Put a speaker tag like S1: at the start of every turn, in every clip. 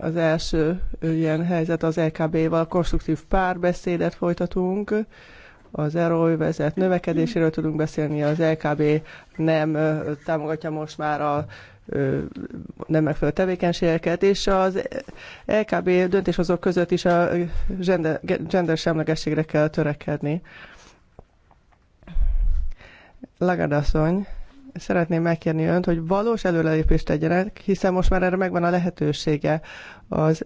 S1: Az első ilyen helyzet az LKB-val e konstruktív párbeszédet folytatunk, az EROI vezet növekedéséről tudunk beszélni, az LKB e nem támogatja most már a nem megfelelő tevékenységeket, és az LKB e döntéshozók között is a gender, gender semlegességre kell törekedni. Lagadasszony. asszony szeretném megkérni önt, hogy valós előrelépést tegyenek, hiszen most már erre megvan a lehetősége. Az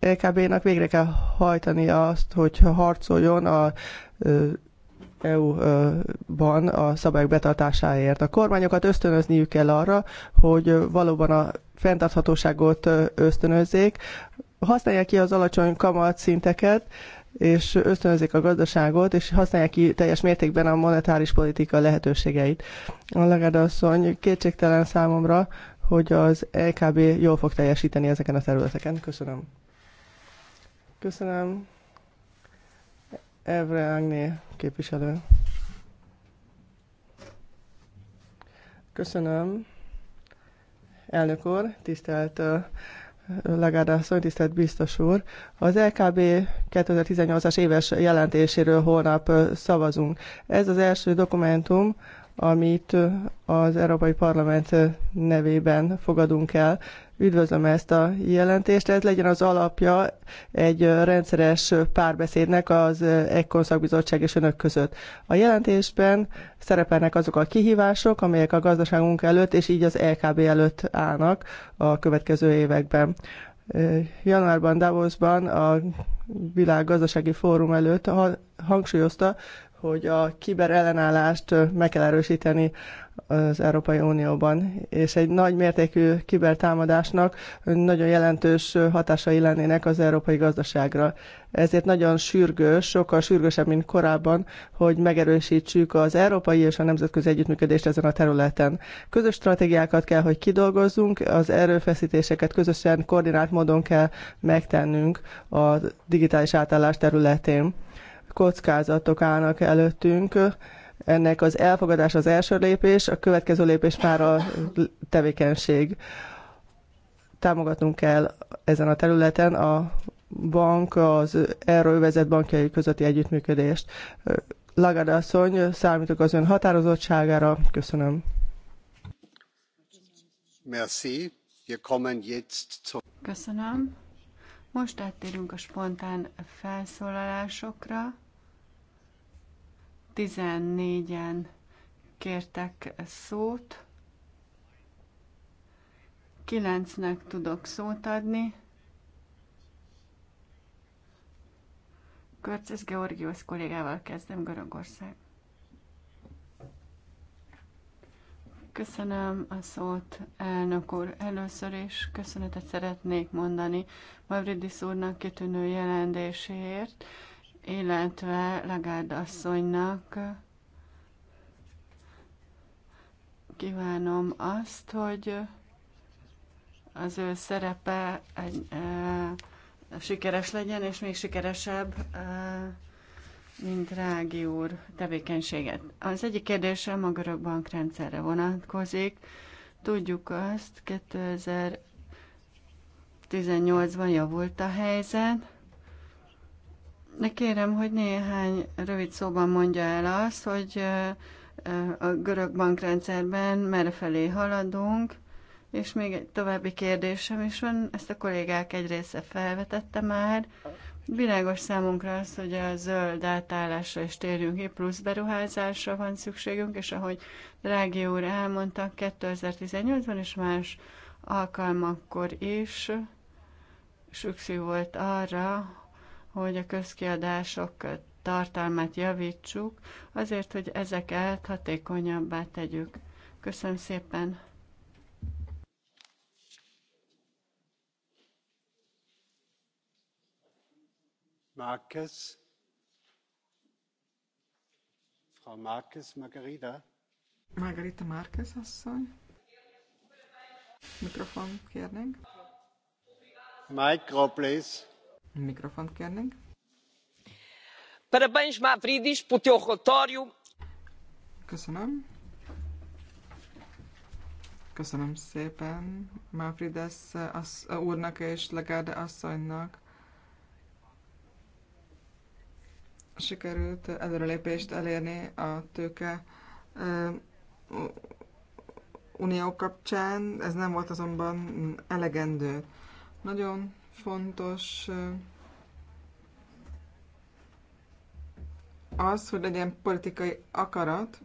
S1: LKB-nak e végre kell hajtani azt, hogy harcoljon a EU-ban a szabályok betartásáért. A kormányokat ösztönözniük kell arra, hogy valóban a fenntarthatóságot ösztönözzék, használják ki az alacsony kamatszinteket, és ösztönözik a gazdaságot, és használják ki teljes mértékben a monetáris politika lehetőségeit. A Lagarde asszony kétségtelen számomra, hogy az LKB jól fog teljesíteni ezeken a területeken. Köszönöm. Köszönöm. Evre Agné képviselő. Köszönöm. Elnök úr, tisztelt Lagarde asszony, tisztelt biztos úr. Az LKB 2018-as éves jelentéséről holnap szavazunk. Ez az első dokumentum, amit az Európai Parlament nevében fogadunk el. Üdvözlöm ezt a jelentést, ez legyen az alapja egy rendszeres párbeszédnek az Ekkon szakbizottság és önök között. A jelentésben szerepelnek azok a kihívások, amelyek a gazdaságunk előtt és így az LKB előtt állnak a következő években januárban Davosban a világ gazdasági fórum előtt hangsúlyozta, hogy a kiberellenállást meg kell erősíteni az Európai Unióban, és egy nagy mértékű kibertámadásnak nagyon jelentős hatásai lennének az európai gazdaságra. Ezért nagyon sürgős, sokkal sürgősebb, mint korábban, hogy megerősítsük az európai és a nemzetközi együttműködést ezen a területen. Közös stratégiákat kell, hogy kidolgozzunk, az erőfeszítéseket közösen koordinált módon kell megtennünk a digitális átállás területén kockázatok állnak előttünk. Ennek az elfogadás az első lépés, a következő lépés már a tevékenység. Támogatnunk kell ezen a területen a bank, az vezet bankjai közötti együttműködést. Lagarde asszony, számítok az ön határozottságára.
S2: Köszönöm.
S3: Merci.
S2: Köszönöm. Most áttérünk a spontán felszólalásokra. 14-en kértek szót. Kilencnek tudok szót adni. Körces Georgios kollégával kezdem Görögország. Köszönöm a szót, elnök úr. Először is köszönetet szeretnék mondani Mavridis úrnak kitűnő jelentéséért illetve Lagárd asszonynak kívánom azt, hogy az ő szerepe egy, e, sikeres legyen, és még sikeresebb, e, mint Rági úr tevékenységet. Az egyik kérdésem a görög bankrendszerre vonatkozik. Tudjuk azt, 2018-ban javult a helyzet, ne kérem, hogy néhány rövid szóban mondja el azt, hogy a görög bankrendszerben felé haladunk, és még egy további kérdésem is van, ezt a kollégák egy része felvetette már. Világos számunkra az, hogy a zöld átállásra is térjünk ki, plusz beruházásra van szükségünk, és ahogy Drági úr elmondta, 2018-ban és más alkalmakkor is szükség volt arra, hogy a közkiadások tartalmát javítsuk, azért, hogy ezeket hatékonyabbá tegyük. Köszönöm szépen!
S3: Márquez. Frau Márquez Margarida.
S4: Margarita Márquez asszony. Mikrofon kérnénk.
S3: Micro, please.
S4: Mikrofont kérnénk.
S2: Parabéns, Mavridis, por
S4: Köszönöm. Köszönöm szépen Mavrides az, úrnak és legarde asszonynak. Sikerült előrelépést elérni a tőke unió kapcsán, ez nem volt azonban elegendő. Nagyon fontos az, hogy legyen politikai akarat,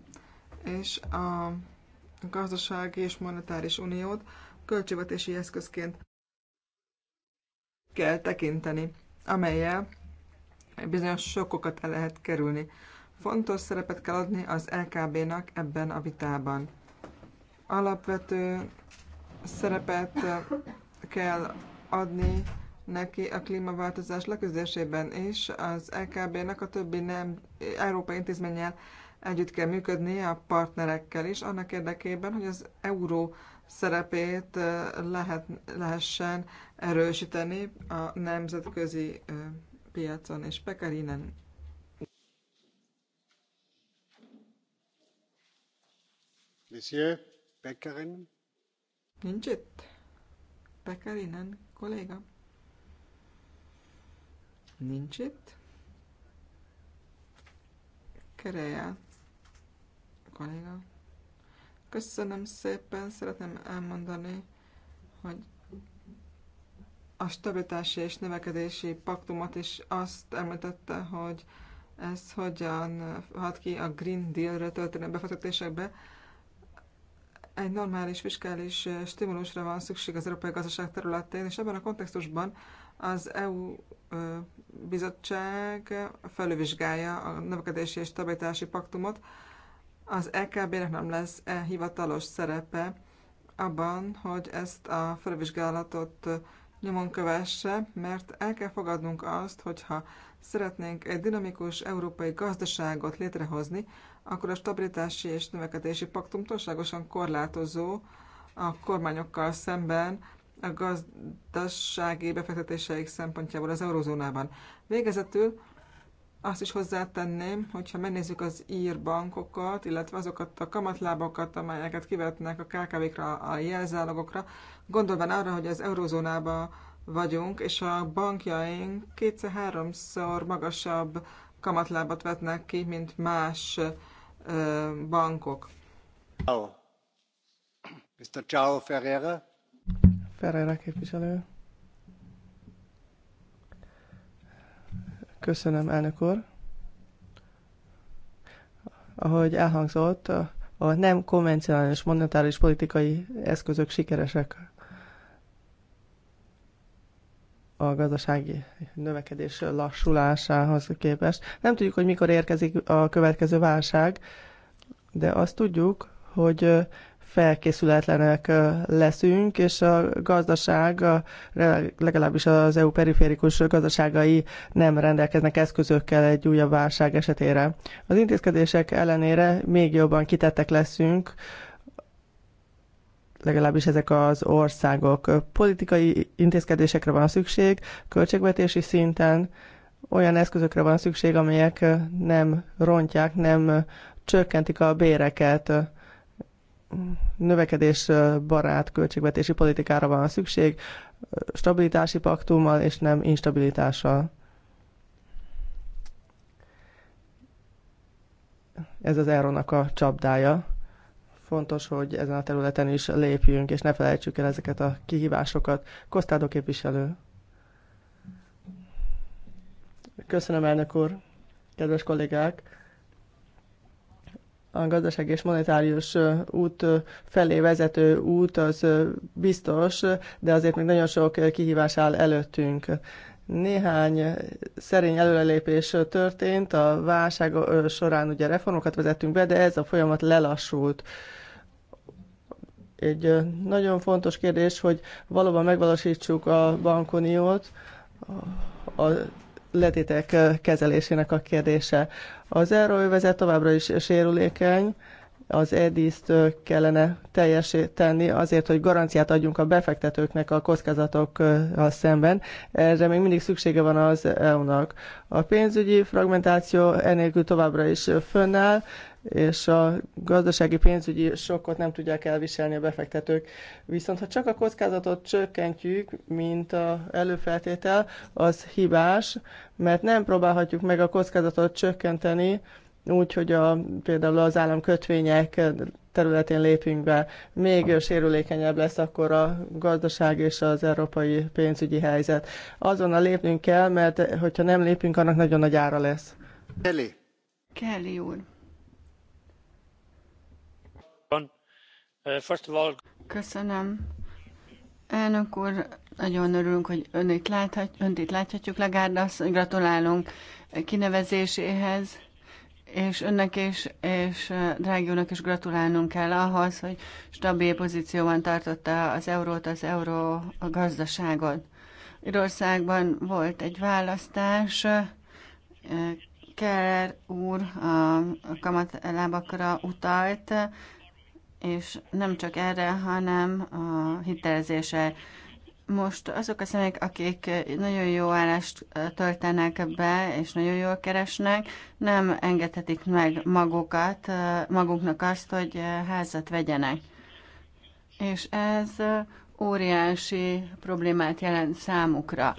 S4: és a gazdasági és monetáris uniót költségvetési eszközként kell tekinteni, amelyel bizonyos sokokat el lehet kerülni. Fontos szerepet kell adni az LKB-nak ebben a vitában. Alapvető szerepet kell adni neki a klímaváltozás leküzdésében is. Az LKB-nek e a többi nem európai intézménnyel együtt kell működni a partnerekkel is, annak érdekében, hogy az euró szerepét lehet, lehessen erősíteni a nemzetközi piacon, és Pekarinen
S3: Monsieur Pekarinen? Nincs itt?
S4: Pekarinen kolléga?
S3: Nincs itt.
S4: Kereje kolléga. Köszönöm szépen, szeretném elmondani, hogy a stabilitási és növekedési paktumot is azt említette, hogy ez hogyan hat ki a Green Deal-re történő befektetésekbe egy normális fiskális stimulusra van szükség az európai gazdaság területén, és ebben a kontextusban az EU bizottság felülvizsgálja a növekedési és stabilitási paktumot. Az EKB-nek nem lesz -e hivatalos szerepe abban, hogy ezt a felülvizsgálatot nyomon kövesse, mert el kell fogadnunk azt, hogyha szeretnénk egy dinamikus európai gazdaságot létrehozni, akkor a stabilitási és növekedési paktum túlságosan korlátozó a kormányokkal szemben a gazdasági befektetéseik szempontjából az eurozónában. Végezetül azt is hozzátenném, hogyha megnézzük az ír bankokat, illetve azokat a kamatlábokat, amelyeket kivetnek a KKV-kra, a jelzálogokra, gondolván arra, hogy az eurozónában vagyunk, és a bankjaink kétszer-háromszor magasabb kamatlábat vetnek ki, mint más bankok.
S3: Ciao. Mr. Ciao Ferreira.
S1: Ferreira képviselő. Köszönöm, elnök úr. Ahogy elhangzott, a nem konvencionális monetáris politikai eszközök sikeresek a gazdasági növekedés lassulásához képest. Nem tudjuk, hogy mikor érkezik a következő válság, de azt tudjuk, hogy felkészületlenek leszünk, és a gazdaság, legalábbis az EU periférikus gazdaságai nem rendelkeznek eszközökkel egy újabb válság esetére. Az intézkedések ellenére még jobban kitettek leszünk legalábbis ezek az országok. Politikai intézkedésekre van szükség, költségvetési szinten olyan eszközökre van szükség, amelyek nem rontják, nem csökkentik a béreket, növekedés barát költségvetési politikára van szükség, stabilitási paktummal és nem instabilitással. Ez az Eronak a csapdája fontos, hogy ezen a területen is lépjünk, és ne felejtsük el ezeket a kihívásokat. Kosztádó képviselő. Köszönöm, elnök úr, kedves kollégák! a gazdaság és monetárius út felé vezető út az biztos, de azért még nagyon sok kihívás áll előttünk. Néhány szerény előrelépés történt, a válság során ugye reformokat vezettünk be, de ez a folyamat lelassult egy nagyon fontos kérdés, hogy valóban megvalósítsuk a bankuniót, a letétek kezelésének a kérdése. Az euróövezet továbbra is sérülékeny, az EDIS-t kellene teljesíteni, azért, hogy garanciát adjunk a befektetőknek a kockázatokkal szemben. Erre még mindig szüksége van az EU-nak. A pénzügyi fragmentáció enélkül továbbra is fönnáll, és a gazdasági pénzügyi sokkot nem tudják elviselni a befektetők. Viszont ha csak a kockázatot csökkentjük, mint a előfeltétel, az hibás, mert nem próbálhatjuk meg a kockázatot csökkenteni, úgy, hogy a, például az államkötvények területén lépünk be, még sérülékenyebb lesz akkor a gazdaság és az európai pénzügyi helyzet. Azonnal lépnünk kell, mert hogyha nem lépünk, annak nagyon nagy ára lesz.
S2: Kelly. Kelly úr. Köszönöm. Elnök úr, nagyon örülünk, hogy önét itt, láthat, önt itt láthatjuk, Legárda, gratulálunk kinevezéséhez és önnek is, és drágiónak is gratulálnunk kell ahhoz, hogy stabil pozícióban tartotta az eurót, az euró a gazdaságot. Írországban volt egy választás, Keller úr a lábakra utalt, és nem csak erre, hanem a hitelezése most azok a személyek, akik nagyon jó állást töltenek be, és nagyon jól keresnek, nem engedhetik meg magukat, maguknak azt, hogy házat vegyenek. És ez óriási problémát jelent számukra.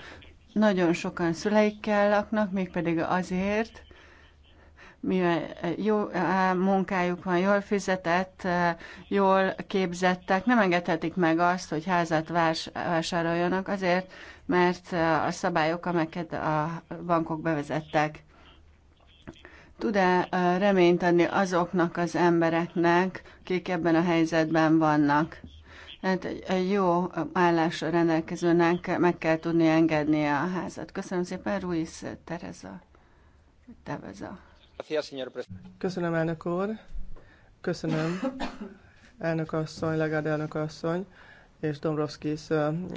S2: Nagyon sokan szüleikkel laknak, mégpedig azért, mivel jó munkájuk van, jól fizetett, jól képzettek, nem engedhetik meg azt, hogy házat vásároljanak azért, mert a szabályok, amelyeket a bankok bevezettek, tud-e reményt adni azoknak az embereknek, akik ebben a helyzetben vannak? Hát egy jó állásra rendelkezőnek meg kell tudni engedni a házat. Köszönöm szépen, Ruiz Tereza. Tereza. Köszönöm, elnök úr. Köszönöm,
S1: elnök asszony, legád elnök asszony és Dombrovskis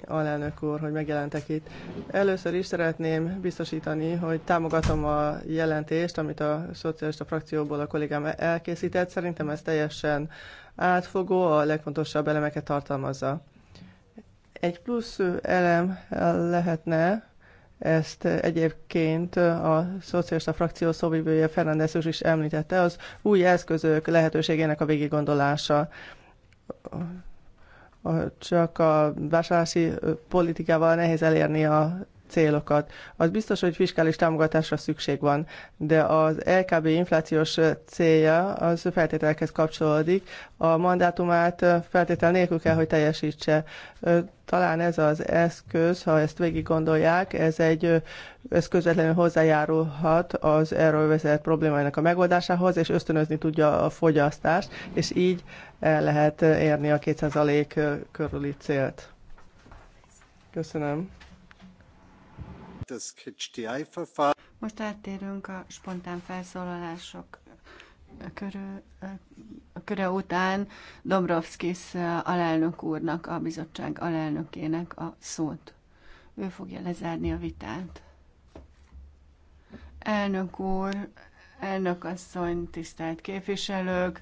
S1: alelnök úr, hogy megjelentek itt. Először is szeretném biztosítani, hogy támogatom a jelentést, amit a szocialista frakcióból a kollégám elkészített. Szerintem ez teljesen átfogó, a legfontosabb elemeket tartalmazza. Egy plusz elem lehetne ezt egyébként a szocialista frakció szóvivője Fernández is említette, az új eszközök lehetőségének a végiggondolása csak a vásárlási politikával nehéz elérni a célokat. Az biztos, hogy fiskális támogatásra szükség van, de az LKB inflációs célja az feltételekhez kapcsolódik. A mandátumát feltétel nélkül kell, hogy teljesítse. Talán ez az eszköz, ha ezt végig gondolják, ez egy ez közvetlenül hozzájárulhat az erről vezetett problémájának a megoldásához, és ösztönözni tudja a fogyasztást, és így el lehet érni a 200% körüli célt. Köszönöm.
S2: Most áttérünk a spontán felszólalások körül, köre után Dombrovskis alelnök úrnak, a bizottság alelnökének a szót. Ő fogja lezárni a vitát. Elnök úr, elnök asszony, tisztelt képviselők,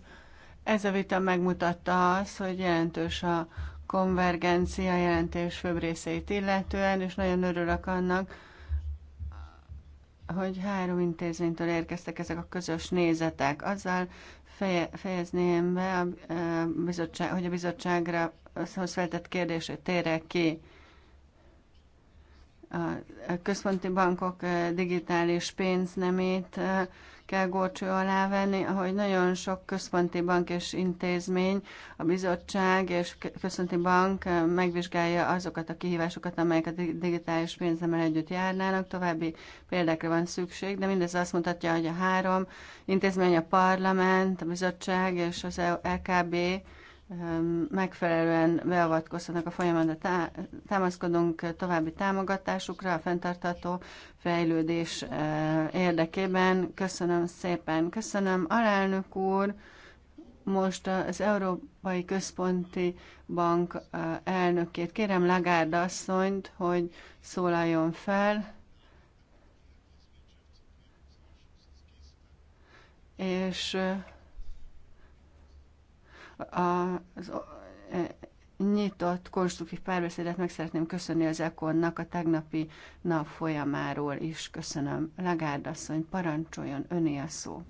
S2: ez a vita megmutatta azt, hogy jelentős a konvergencia jelentés főbb részeit illetően, és nagyon örülök annak, hogy három intézménytől érkeztek ezek a közös nézetek. Azzal feje, fejezném be, a, a bizottság, hogy a bizottságra feltett kérdését térek ki a központi bankok digitális pénznemét kell górcső alá venni, ahogy nagyon sok központi bank és intézmény, a bizottság és központi bank megvizsgálja azokat a kihívásokat, amelyek a digitális pénznemmel együtt járnának. További példákra van szükség, de mindez azt mutatja, hogy a három intézmény, a parlament, a bizottság és az LKB e- e megfelelően beavatkozhatnak a folyamatba. Támaszkodunk további támogatásukra a fenntartató fejlődés eh, érdekében. Köszönöm szépen. Köszönöm, alelnök úr. Most az Európai Központi Bank eh, elnökét kérem Lagarde asszonyt, hogy szólaljon fel. És eh, az e, nyitott, konstruktív párbeszédet meg szeretném köszönni az Ekonnak a tegnapi nap folyamáról is. Köszönöm. Legárd asszony, parancsoljon, öné a szó.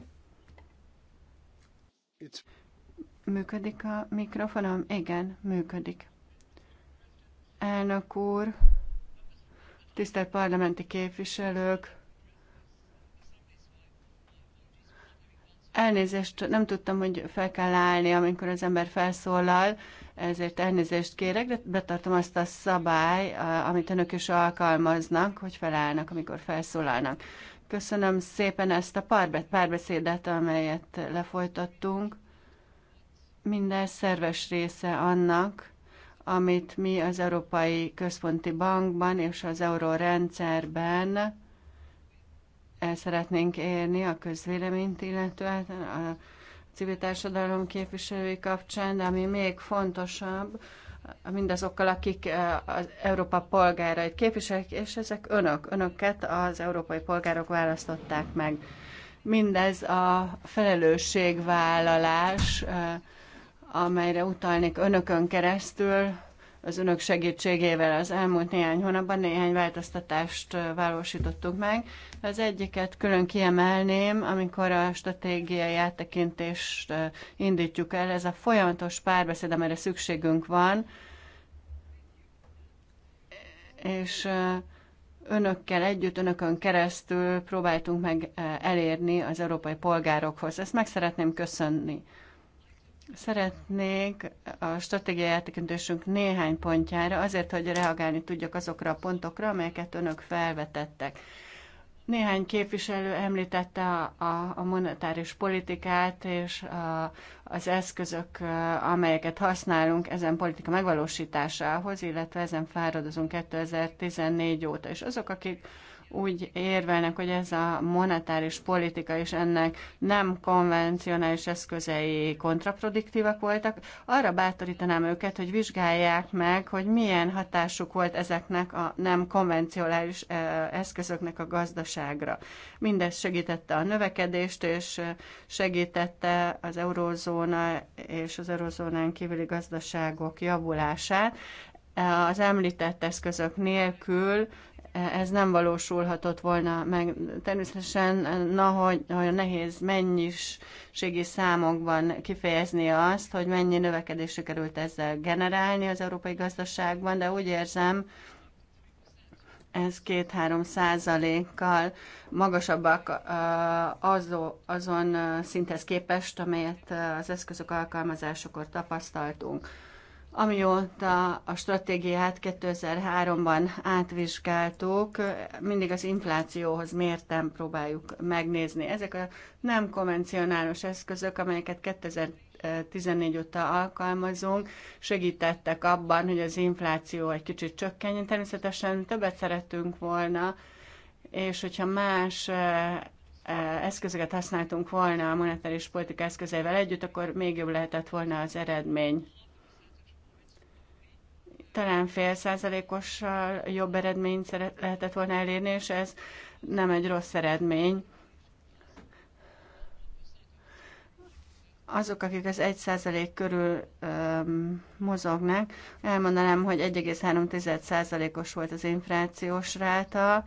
S2: It's... Működik a mikrofonom? Igen, működik. Elnök úr, tisztelt parlamenti képviselők, Elnézést, nem tudtam, hogy fel kell állni, amikor az ember felszólal, ezért elnézést kérek, de betartom azt a szabály, amit önök is alkalmaznak, hogy felállnak, amikor felszólalnak. Köszönöm szépen ezt a párbeszédet, amelyet lefolytattunk. Minden szerves része annak, amit mi az Európai Központi Bankban és az eurórendszerben el szeretnénk érni a közvéleményt, illetően a civil társadalom képviselői kapcsán, de ami még fontosabb, mindazokkal, akik eh, az Európa polgárait képviselik, és ezek önök, önöket az európai polgárok választották meg. Mindez a felelősségvállalás, eh, amelyre utalnék önökön keresztül, az önök segítségével az elmúlt néhány hónapban néhány változtatást valósítottuk meg. Az egyiket külön kiemelném, amikor a stratégiai áttekintést indítjuk el, ez a folyamatos párbeszéd, amire szükségünk van, és önökkel együtt, önökön keresztül próbáltunk meg elérni az európai polgárokhoz. Ezt meg szeretném köszönni. Szeretnék a stratégiai eltekintésünk néhány pontjára, azért, hogy reagálni tudjak azokra a pontokra, amelyeket önök felvetettek. Néhány képviselő említette a, a, a monetáris politikát és a, az eszközök, amelyeket használunk ezen politika megvalósításához, illetve ezen fáradozunk 2014 óta. És azok, akik úgy érvelnek, hogy ez a monetáris politika és ennek nem konvencionális eszközei kontraproduktívak voltak, arra bátorítanám őket, hogy vizsgálják meg, hogy milyen hatásuk volt ezeknek a nem konvencionális eszközöknek a gazdaságra. Mindez segítette a növekedést, és segítette az eurózóna és az eurózónán kívüli gazdaságok javulását. Az említett eszközök nélkül ez nem valósulhatott volna meg. Természetesen, na, hogy, hogy nehéz mennyiségi számokban kifejezni azt, hogy mennyi növekedés sikerült ezzel generálni az európai gazdaságban, de úgy érzem, ez 2-3 százalékkal magasabbak azon szinthez képest, amelyet az eszközök alkalmazásakor tapasztaltunk. Amióta a stratégiát 2003-ban átvizsgáltuk, mindig az inflációhoz mértem próbáljuk megnézni. Ezek a nem konvencionális eszközök, amelyeket 2014 óta alkalmazunk, segítettek abban, hogy az infláció egy kicsit csökkenjen. Természetesen többet szerettünk volna, és hogyha más eh, eh, eszközöket használtunk volna a monetáris politika eszközeivel együtt, akkor még jobb lehetett volna az eredmény talán fél százalékossal jobb eredményt lehetett volna elérni, és ez nem egy rossz eredmény. azok, akik az 1% körül öm, mozognak, elmondanám, hogy 1,3%-os volt az inflációs ráta.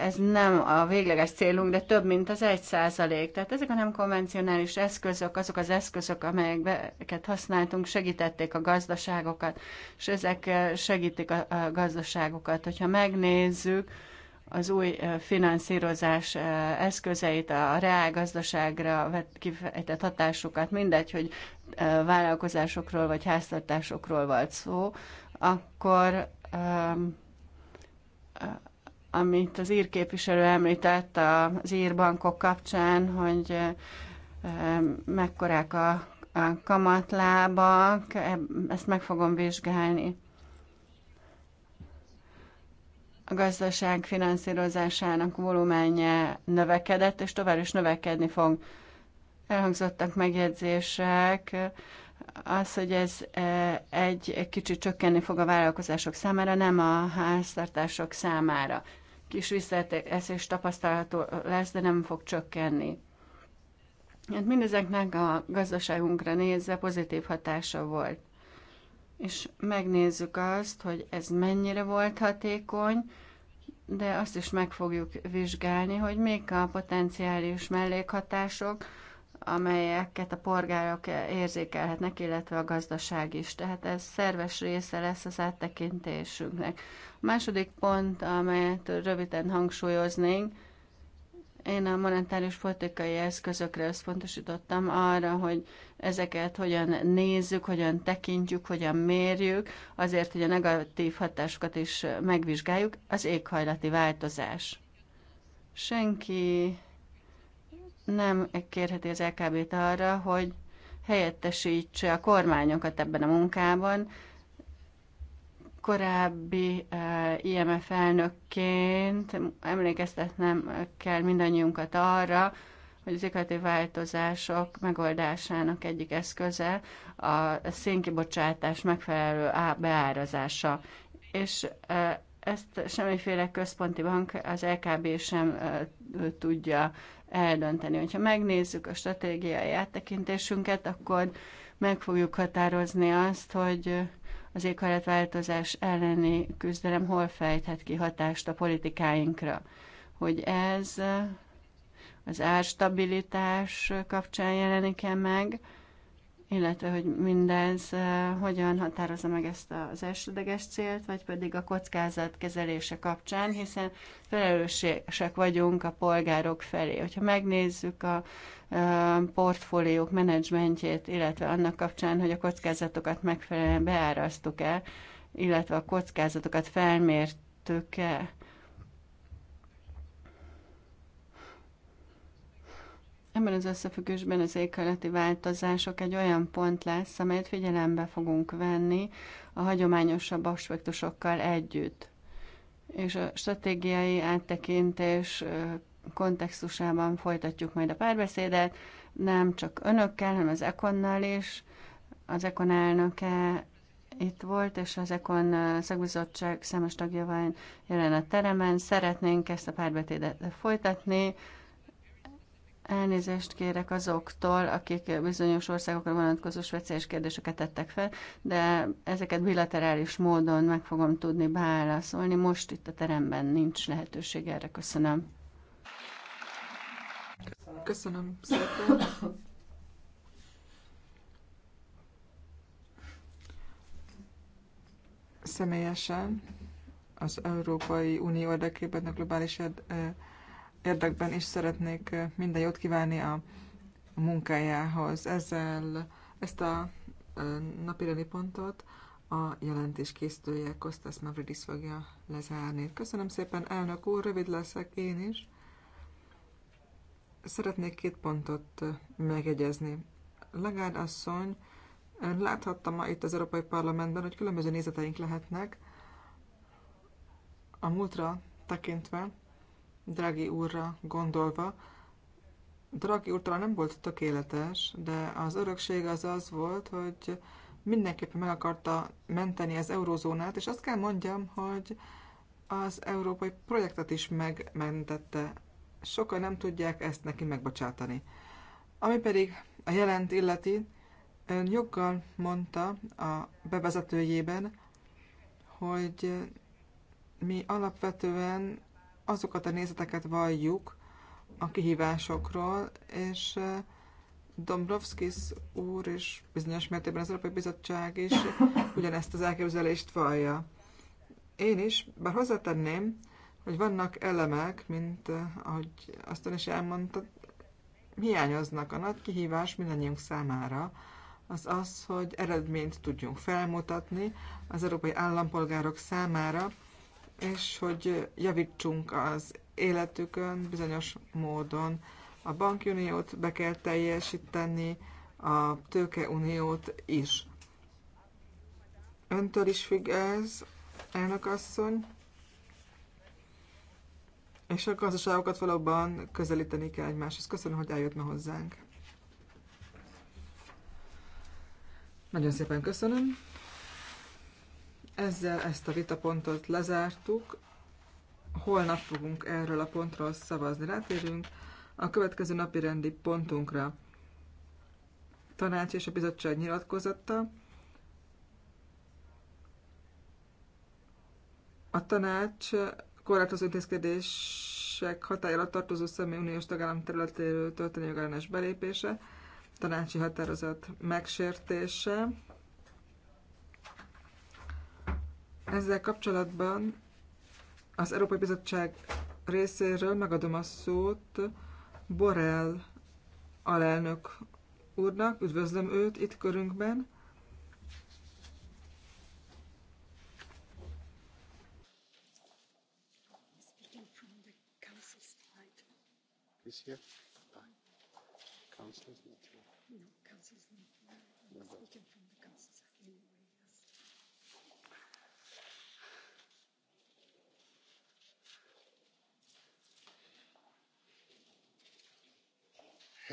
S2: Ez nem a végleges célunk, de több, mint az 1%. Tehát ezek a nem konvencionális eszközök, azok az eszközök, amelyeket használtunk, segítették a gazdaságokat, és ezek segítik a gazdaságokat. Hogyha megnézzük, az új finanszírozás eszközeit, a reálgazdaságra vett kifejtett hatásokat mindegy, hogy vállalkozásokról vagy háztartásokról volt szó, akkor amit az ír képviselő említett az ír bankok kapcsán, hogy mekkorák a, a kamatlábak, e, ezt meg fogom vizsgálni a gazdaság finanszírozásának volumenje növekedett, és tovább is növekedni fog. Elhangzottak megjegyzések, az, hogy ez egy, egy kicsit csökkenni fog a vállalkozások számára, nem a háztartások számára. Kis visszaesés tapasztalható lesz, de nem fog csökkenni. Hát mindezeknek a gazdaságunkra nézve pozitív hatása volt és megnézzük azt, hogy ez mennyire volt hatékony, de azt is meg fogjuk vizsgálni, hogy mik a potenciális mellékhatások, amelyeket a polgárok érzékelhetnek, illetve a gazdaság is. Tehát ez szerves része lesz az áttekintésünknek. A második pont, amelyet röviden hangsúlyoznénk, én a monetáris politikai eszközökre összpontosítottam arra, hogy ezeket hogyan nézzük, hogyan tekintjük, hogyan mérjük, azért, hogy a negatív hatásokat is megvizsgáljuk. Az éghajlati változás. Senki nem kérheti az LKB-t arra, hogy helyettesítse a kormányokat ebben a munkában, korábbi eh, IMF elnökként emlékeztetnem kell mindannyiunkat arra, hogy az éghajlati változások megoldásának egyik eszköze a szénkibocsátás megfelelő beárazása. És eh, ezt semmiféle központi bank, az LKB sem eh, tudja eldönteni. Hogyha megnézzük a stratégiai áttekintésünket, akkor meg fogjuk határozni azt, hogy az éghajlatváltozás elleni küzdelem hol fejthet ki hatást a politikáinkra. Hogy ez az árstabilitás kapcsán jelenik-e meg, illetve hogy mindez eh, hogyan határozza meg ezt az elsődleges célt, vagy pedig a kockázat kezelése kapcsán, hiszen felelősek vagyunk a polgárok felé. Hogyha megnézzük a eh, portfóliók menedzsmentjét, illetve annak kapcsán, hogy a kockázatokat megfelelően beárasztuk-e, illetve a kockázatokat felmértük-e, Ebben az összefüggésben az éghajlati változások egy olyan pont lesz, amelyet figyelembe fogunk venni a hagyományosabb aspektusokkal együtt. És a stratégiai áttekintés kontextusában folytatjuk majd a párbeszédet, nem csak önökkel, hanem az Ekonnal is. Az Ekon elnöke itt volt, és az Ekon szakbizottság számos tagja van jelen a teremen. Szeretnénk ezt a párbeszédet folytatni, Elnézést kérek azoktól, akik bizonyos országokra vonatkozó speciális kérdéseket tettek fel, de ezeket bilaterális módon meg fogom tudni válaszolni. Most itt a teremben nincs lehetőség erre. Köszönöm. Köszönöm szépen.
S4: Személyesen az Európai Unió érdekében a globális ed- érdekben is szeretnék eh, minden jót kívánni a munkájához. Ezzel ezt a eh, napirendi pontot a jelentés készítője Kostas Mavridis fogja lezárni. Köszönöm szépen, elnök úr, rövid leszek én is. Szeretnék két pontot eh, megegyezni. Legárd asszony, ön láthatta ma itt az Európai Parlamentben, hogy különböző nézeteink lehetnek a múltra tekintve. Draghi úrra gondolva. Draghi úr talán nem volt tökéletes, de az örökség az az volt, hogy mindenképpen meg akarta menteni az eurozónát, és azt kell mondjam, hogy az európai projektet is megmentette. Sokan nem tudják ezt neki megbocsátani. Ami pedig a jelent illeti, ön joggal mondta a bevezetőjében, hogy mi alapvetően azokat a nézeteket valljuk a kihívásokról, és Dombrovskis úr és bizonyos mértékben az Európai Bizottság is ugyanezt az elképzelést vallja. Én is, bár hozzátenném, hogy vannak elemek, mint ahogy azt ön is elmondta, hiányoznak. A nagy kihívás mindannyiunk számára az az, hogy eredményt tudjunk felmutatni az európai állampolgárok számára, és hogy javítsunk az életükön bizonyos módon. A bankuniót be kell teljesíteni, a tőkeuniót is. Öntől is függ ez, asszony, és a gazdaságokat valóban közelíteni kell egymáshoz. Köszönöm, hogy eljött ma hozzánk. Nagyon szépen köszönöm. Ezzel ezt a vitapontot lezártuk. Holnap fogunk erről a pontról szavazni. Rátérünk a következő napi rendi pontunkra. Tanács és a bizottság nyilatkozata. A tanács korlátozó intézkedések hatájára tartozó személy uniós tagállam területéről történő jogellenes belépése, tanácsi határozat megsértése. Ezzel kapcsolatban az Európai Bizottság részéről megadom a szót Borrell alelnök úrnak, üdvözlöm őt itt körünkben.
S3: Is here?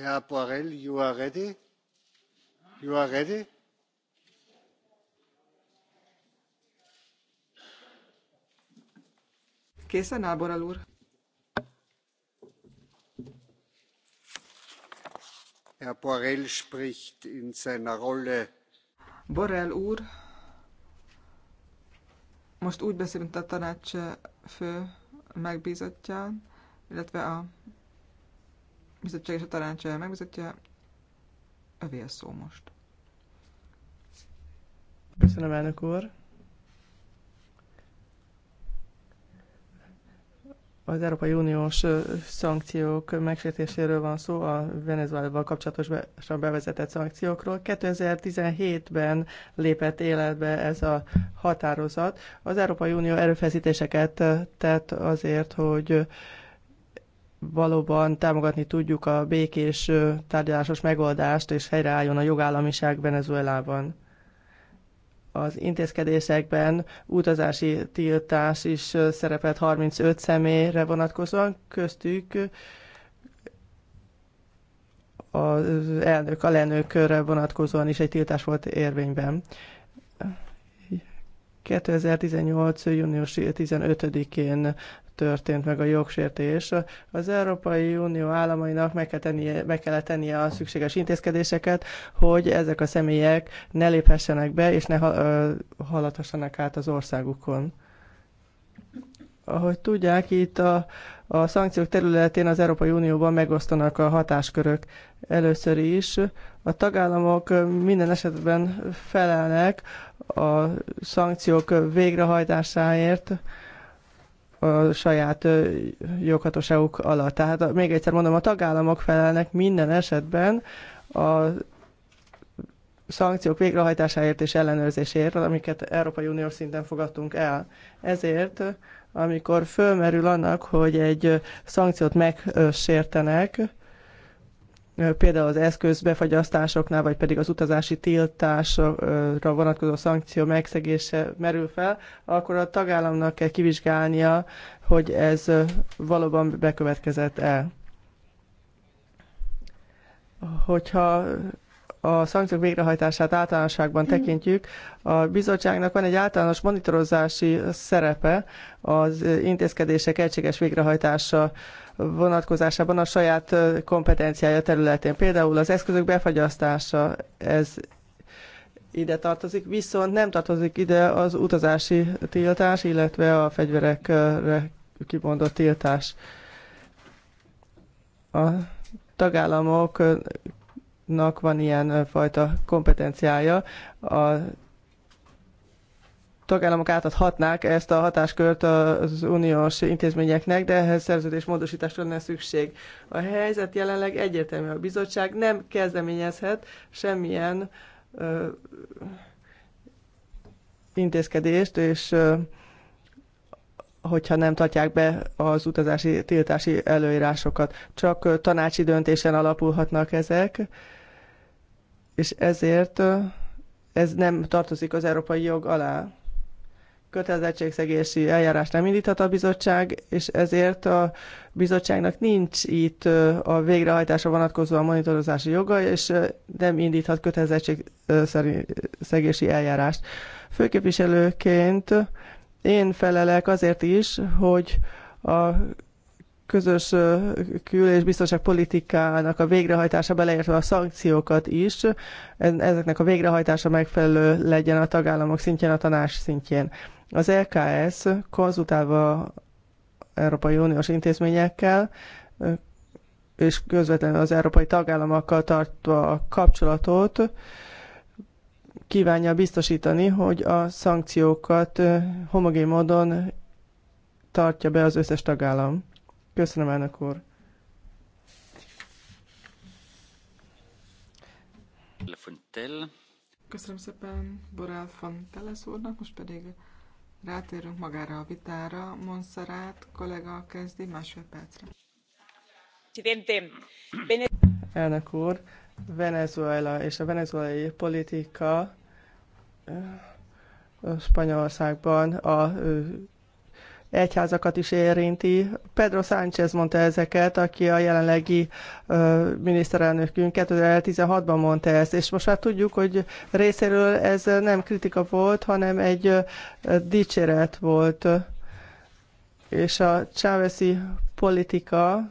S3: you are ready? you are ready?
S4: Készen áll, úr?
S3: Herr Borrell spricht in seiner Rolle.
S4: Borrell úr, most úgy beszél, mint a tanács fő megbízottja, illetve a bizottság és a tanácsa megbizotja, övé a szó most.
S1: Köszönöm, elnök úr. az Európai Uniós szankciók megsértéséről van szó, a Venezuelával kapcsolatosan bevezetett szankciókról. 2017-ben lépett életbe ez a határozat. Az Európai Unió erőfeszítéseket tett azért, hogy valóban támogatni tudjuk a békés tárgyalásos megoldást, és helyreálljon a jogállamiság Venezuelában. Az intézkedésekben utazási tiltás is szerepelt 35 személyre vonatkozóan, köztük az elnök, alelnökre vonatkozóan is egy tiltás volt érvényben. 2018. június 15-én történt meg a jogsértés. Az Európai Unió államainak meg, kell tennie, meg kell tennie a szükséges intézkedéseket, hogy ezek a személyek ne léphessenek be, és ne haladhassanak át az országukon. Ahogy tudják, itt a, a szankciók területén az Európai Unióban megosztanak a hatáskörök. Először is a tagállamok minden esetben felelnek a szankciók végrehajtásáért, a saját joghatóságuk alatt. Tehát még egyszer mondom, a tagállamok felelnek minden esetben a szankciók végrehajtásáért és ellenőrzéséért, amiket Európai Unió szinten fogadtunk el. Ezért, amikor fölmerül annak, hogy egy szankciót megsértenek, például az eszközbefagyasztásoknál, vagy pedig az utazási tiltásra vonatkozó szankció megszegése merül fel, akkor a tagállamnak kell kivizsgálnia, hogy ez valóban bekövetkezett el. Hogyha a szankciók végrehajtását általánosságban hmm. tekintjük, a bizottságnak van egy általános monitorozási szerepe az intézkedések egységes végrehajtása vonatkozásában a saját kompetenciája területén. Például az eszközök befagyasztása, ez ide tartozik, viszont nem tartozik ide az utazási tiltás, illetve a fegyverekre kibondott tiltás. A tagállamok nak van ilyen fajta kompetenciája. A tagállamok átadhatnák ezt a hatáskört az uniós intézményeknek, de ehhez szerződés módosításra lenne szükség. A helyzet jelenleg egyértelmű. A bizottság nem kezdeményezhet semmilyen ö, intézkedést, és ö, hogyha nem tartják be az utazási tiltási előírásokat. Csak tanácsi döntésen alapulhatnak ezek. Ö, és ezért ez nem tartozik az európai jog alá. Kötelezettségszegési eljárás nem indíthat a bizottság, és ezért a bizottságnak nincs itt a végrehajtásra vonatkozó a monitorozási joga, és nem indíthat kötelezettségszegési eljárást. Főképviselőként én felelek azért is, hogy a közös kül- és biztonságpolitikának a végrehajtása, beleértve a szankciókat is, ezeknek a végrehajtása megfelelő legyen a tagállamok szintjén, a tanács szintjén. Az LKS konzultálva Európai Uniós intézményekkel, és közvetlenül az európai tagállamokkal tartva a kapcsolatot, kívánja biztosítani, hogy a szankciókat homogén módon tartja be az összes tagállam. Köszönöm, elnök úr.
S4: Köszönöm szépen Borel Fonteles úrnak, most pedig rátérünk magára a vitára. Monserrat kollega kezdi másfél percre.
S1: Elnök úr, Venezuela és a venezuelai politika Spanyolországban a egyházakat is érinti. Pedro Sánchez mondta ezeket, aki a jelenlegi ö, miniszterelnökünk 2016-ban mondta ezt, és most már tudjuk, hogy részéről ez nem kritika volt, hanem egy ö, dicséret volt. És a csáveszi politika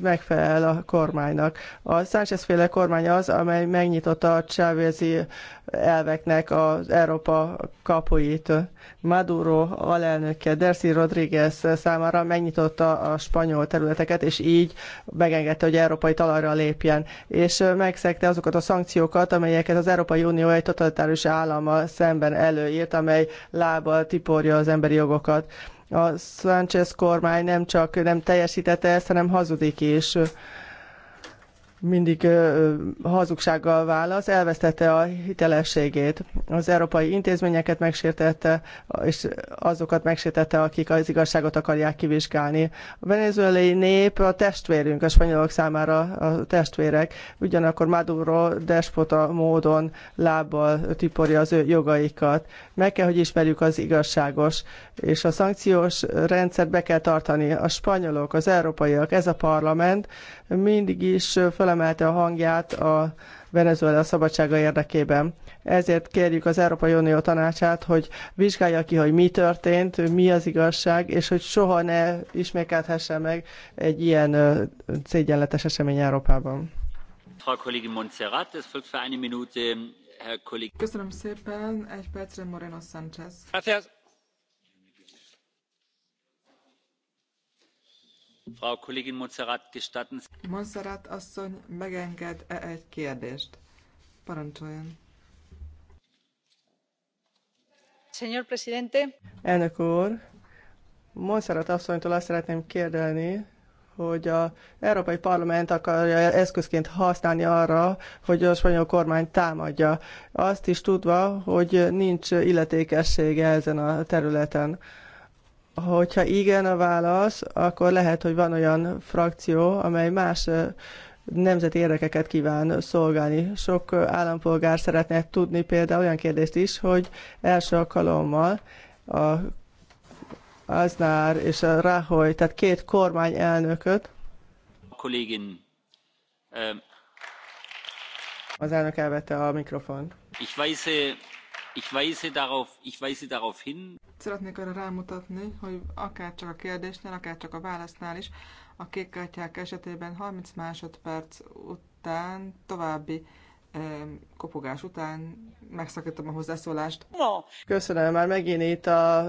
S1: megfelel a kormánynak. A Sánchez féle kormány az, amely megnyitotta a Chávezi elveknek az Európa kapuit. Maduro alelnöke Dersi Rodriguez számára megnyitotta a spanyol területeket, és így megengedte, hogy európai talajra lépjen. És megszegte azokat a szankciókat, amelyeket az Európai Unió egy totalitárius állammal szemben előírt, amely lába tiporja az emberi jogokat. A Sánchez kormány nem csak nem teljesítette ezt, hanem hazudik is mindig hazugsággal válasz, elvesztette a hitelességét. Az európai intézményeket megsértette, és azokat megsértette, akik az igazságot akarják kivizsgálni. A venezuelai nép a testvérünk, a spanyolok számára a testvérek, ugyanakkor Maduro despota módon lábbal tiporja az ő jogaikat. Meg kell, hogy ismerjük az igazságos és a szankciós rendszert be kell tartani. A spanyolok, az európaiak, ez a parlament mindig is felemelte a hangját a Venezuela szabadsága érdekében. Ezért kérjük az Európai Unió tanácsát, hogy vizsgálja ki, hogy mi történt, mi az igazság, és hogy soha ne ismételhesse meg egy ilyen szégyenletes esemény Európában.
S3: Köszönöm
S4: szépen, egy percre Moreno Sánchez.
S3: Gracias. Frau Kollegin Montserrat, gestatten Sie...
S4: Montserrat asszony, megenged-e egy kérdést? Parancsoljon.
S3: Señor presidente.
S1: Elnök úr, Montserrat asszonytól azt szeretném kérdelni, hogy a Európai Parlament akarja eszközként használni arra, hogy a spanyol kormány támadja. Azt is tudva, hogy nincs illetékessége ezen a területen. Hogyha igen a válasz, akkor lehet, hogy van olyan frakció, amely más nemzeti érdekeket kíván szolgálni. Sok állampolgár szeretne tudni például olyan kérdést is, hogy első alkalommal a Aznár és a Rahoy, tehát két kormány elnököt.
S3: A kollégin.
S1: Az elnök elvette a mikrofont.
S3: Ich weise
S4: Szeretnék arra rámutatni, hogy akár csak a kérdésnél, akár csak a válasznál is, a kék kártyák esetében 30 másodperc után további kopogás után megszakítom a hozzászólást.
S1: Köszönöm, már megint itt a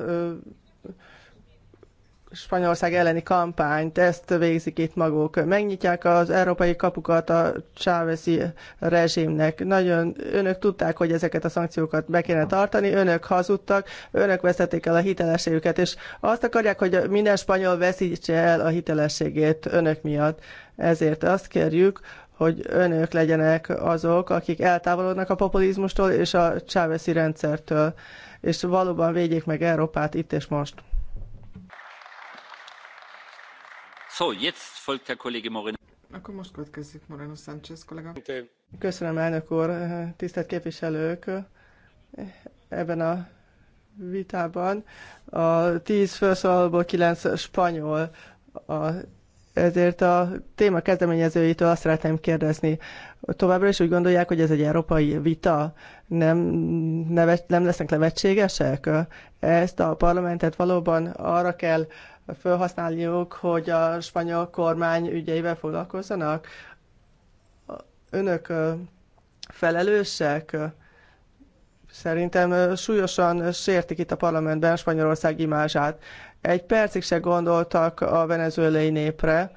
S1: Spanyolország elleni kampányt, ezt végzik itt maguk. Megnyitják az európai kapukat a Chávezi rezsimnek. Nagyon önök tudták, hogy ezeket a szankciókat be kéne tartani, önök hazudtak, önök vesztették el a hitelességüket, és azt akarják, hogy minden spanyol veszítse el a hitelességét önök miatt. Ezért azt kérjük, hogy önök legyenek azok, akik eltávolodnak a populizmustól és a Chávezi rendszertől, és valóban védjék meg Európát itt és most. most Köszönöm, elnök úr, tisztelt képviselők. Ebben a vitában a tíz felszólalóból kilenc spanyol. A, ezért a téma kezdeményezőitől azt szeretném kérdezni. Továbbra is úgy gondolják, hogy ez egy európai vita, nem, nevet, nem lesznek levetségesek? Ezt a parlamentet valóban arra kell felhasználniuk, hogy a spanyol kormány ügyeivel foglalkozzanak? Önök felelősek? Szerintem súlyosan sértik itt a parlamentben Spanyolország imázsát. Egy percig se gondoltak a venezuelai népre,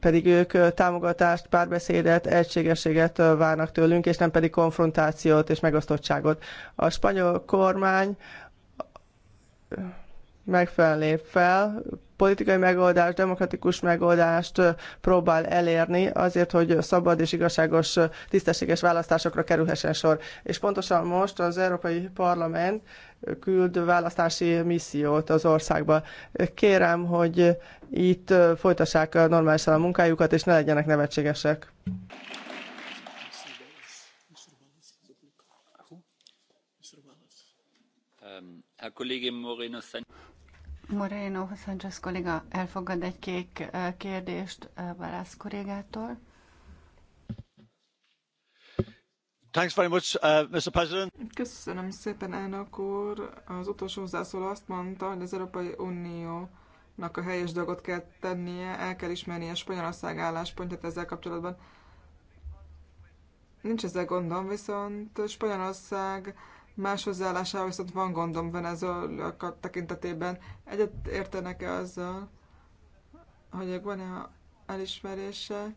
S1: pedig ők támogatást, párbeszédet, egységességet várnak tőlünk, és nem pedig konfrontációt és megosztottságot. A spanyol kormány megfelelően lép fel, politikai megoldást, demokratikus megoldást próbál elérni azért, hogy szabad és igazságos, tisztességes választásokra kerülhessen sor. És pontosan most az Európai Parlament küld választási missziót az országba. Kérem, hogy itt folytassák normálisan a munkájukat, és ne legyenek nevetségesek.
S3: Um, a Kollege Moreno
S2: Moreno Sanchez kolléga elfogad egy kék kérdést balázs kollégától.
S3: Thanks very much, uh, Mr. President.
S4: Köszönöm szépen, elnök úr. Az utolsó hozzászóló azt mondta, hogy az Európai Uniónak a helyes dolgot kell tennie, el kell ismerni a Spanyolország álláspontját ezzel kapcsolatban. Nincs ezzel gondom, viszont Spanyolország Más hozzáállásával viszont van gondom Venezuela tekintetében. Egyet értenek-e azzal, hogy van-e elismerése?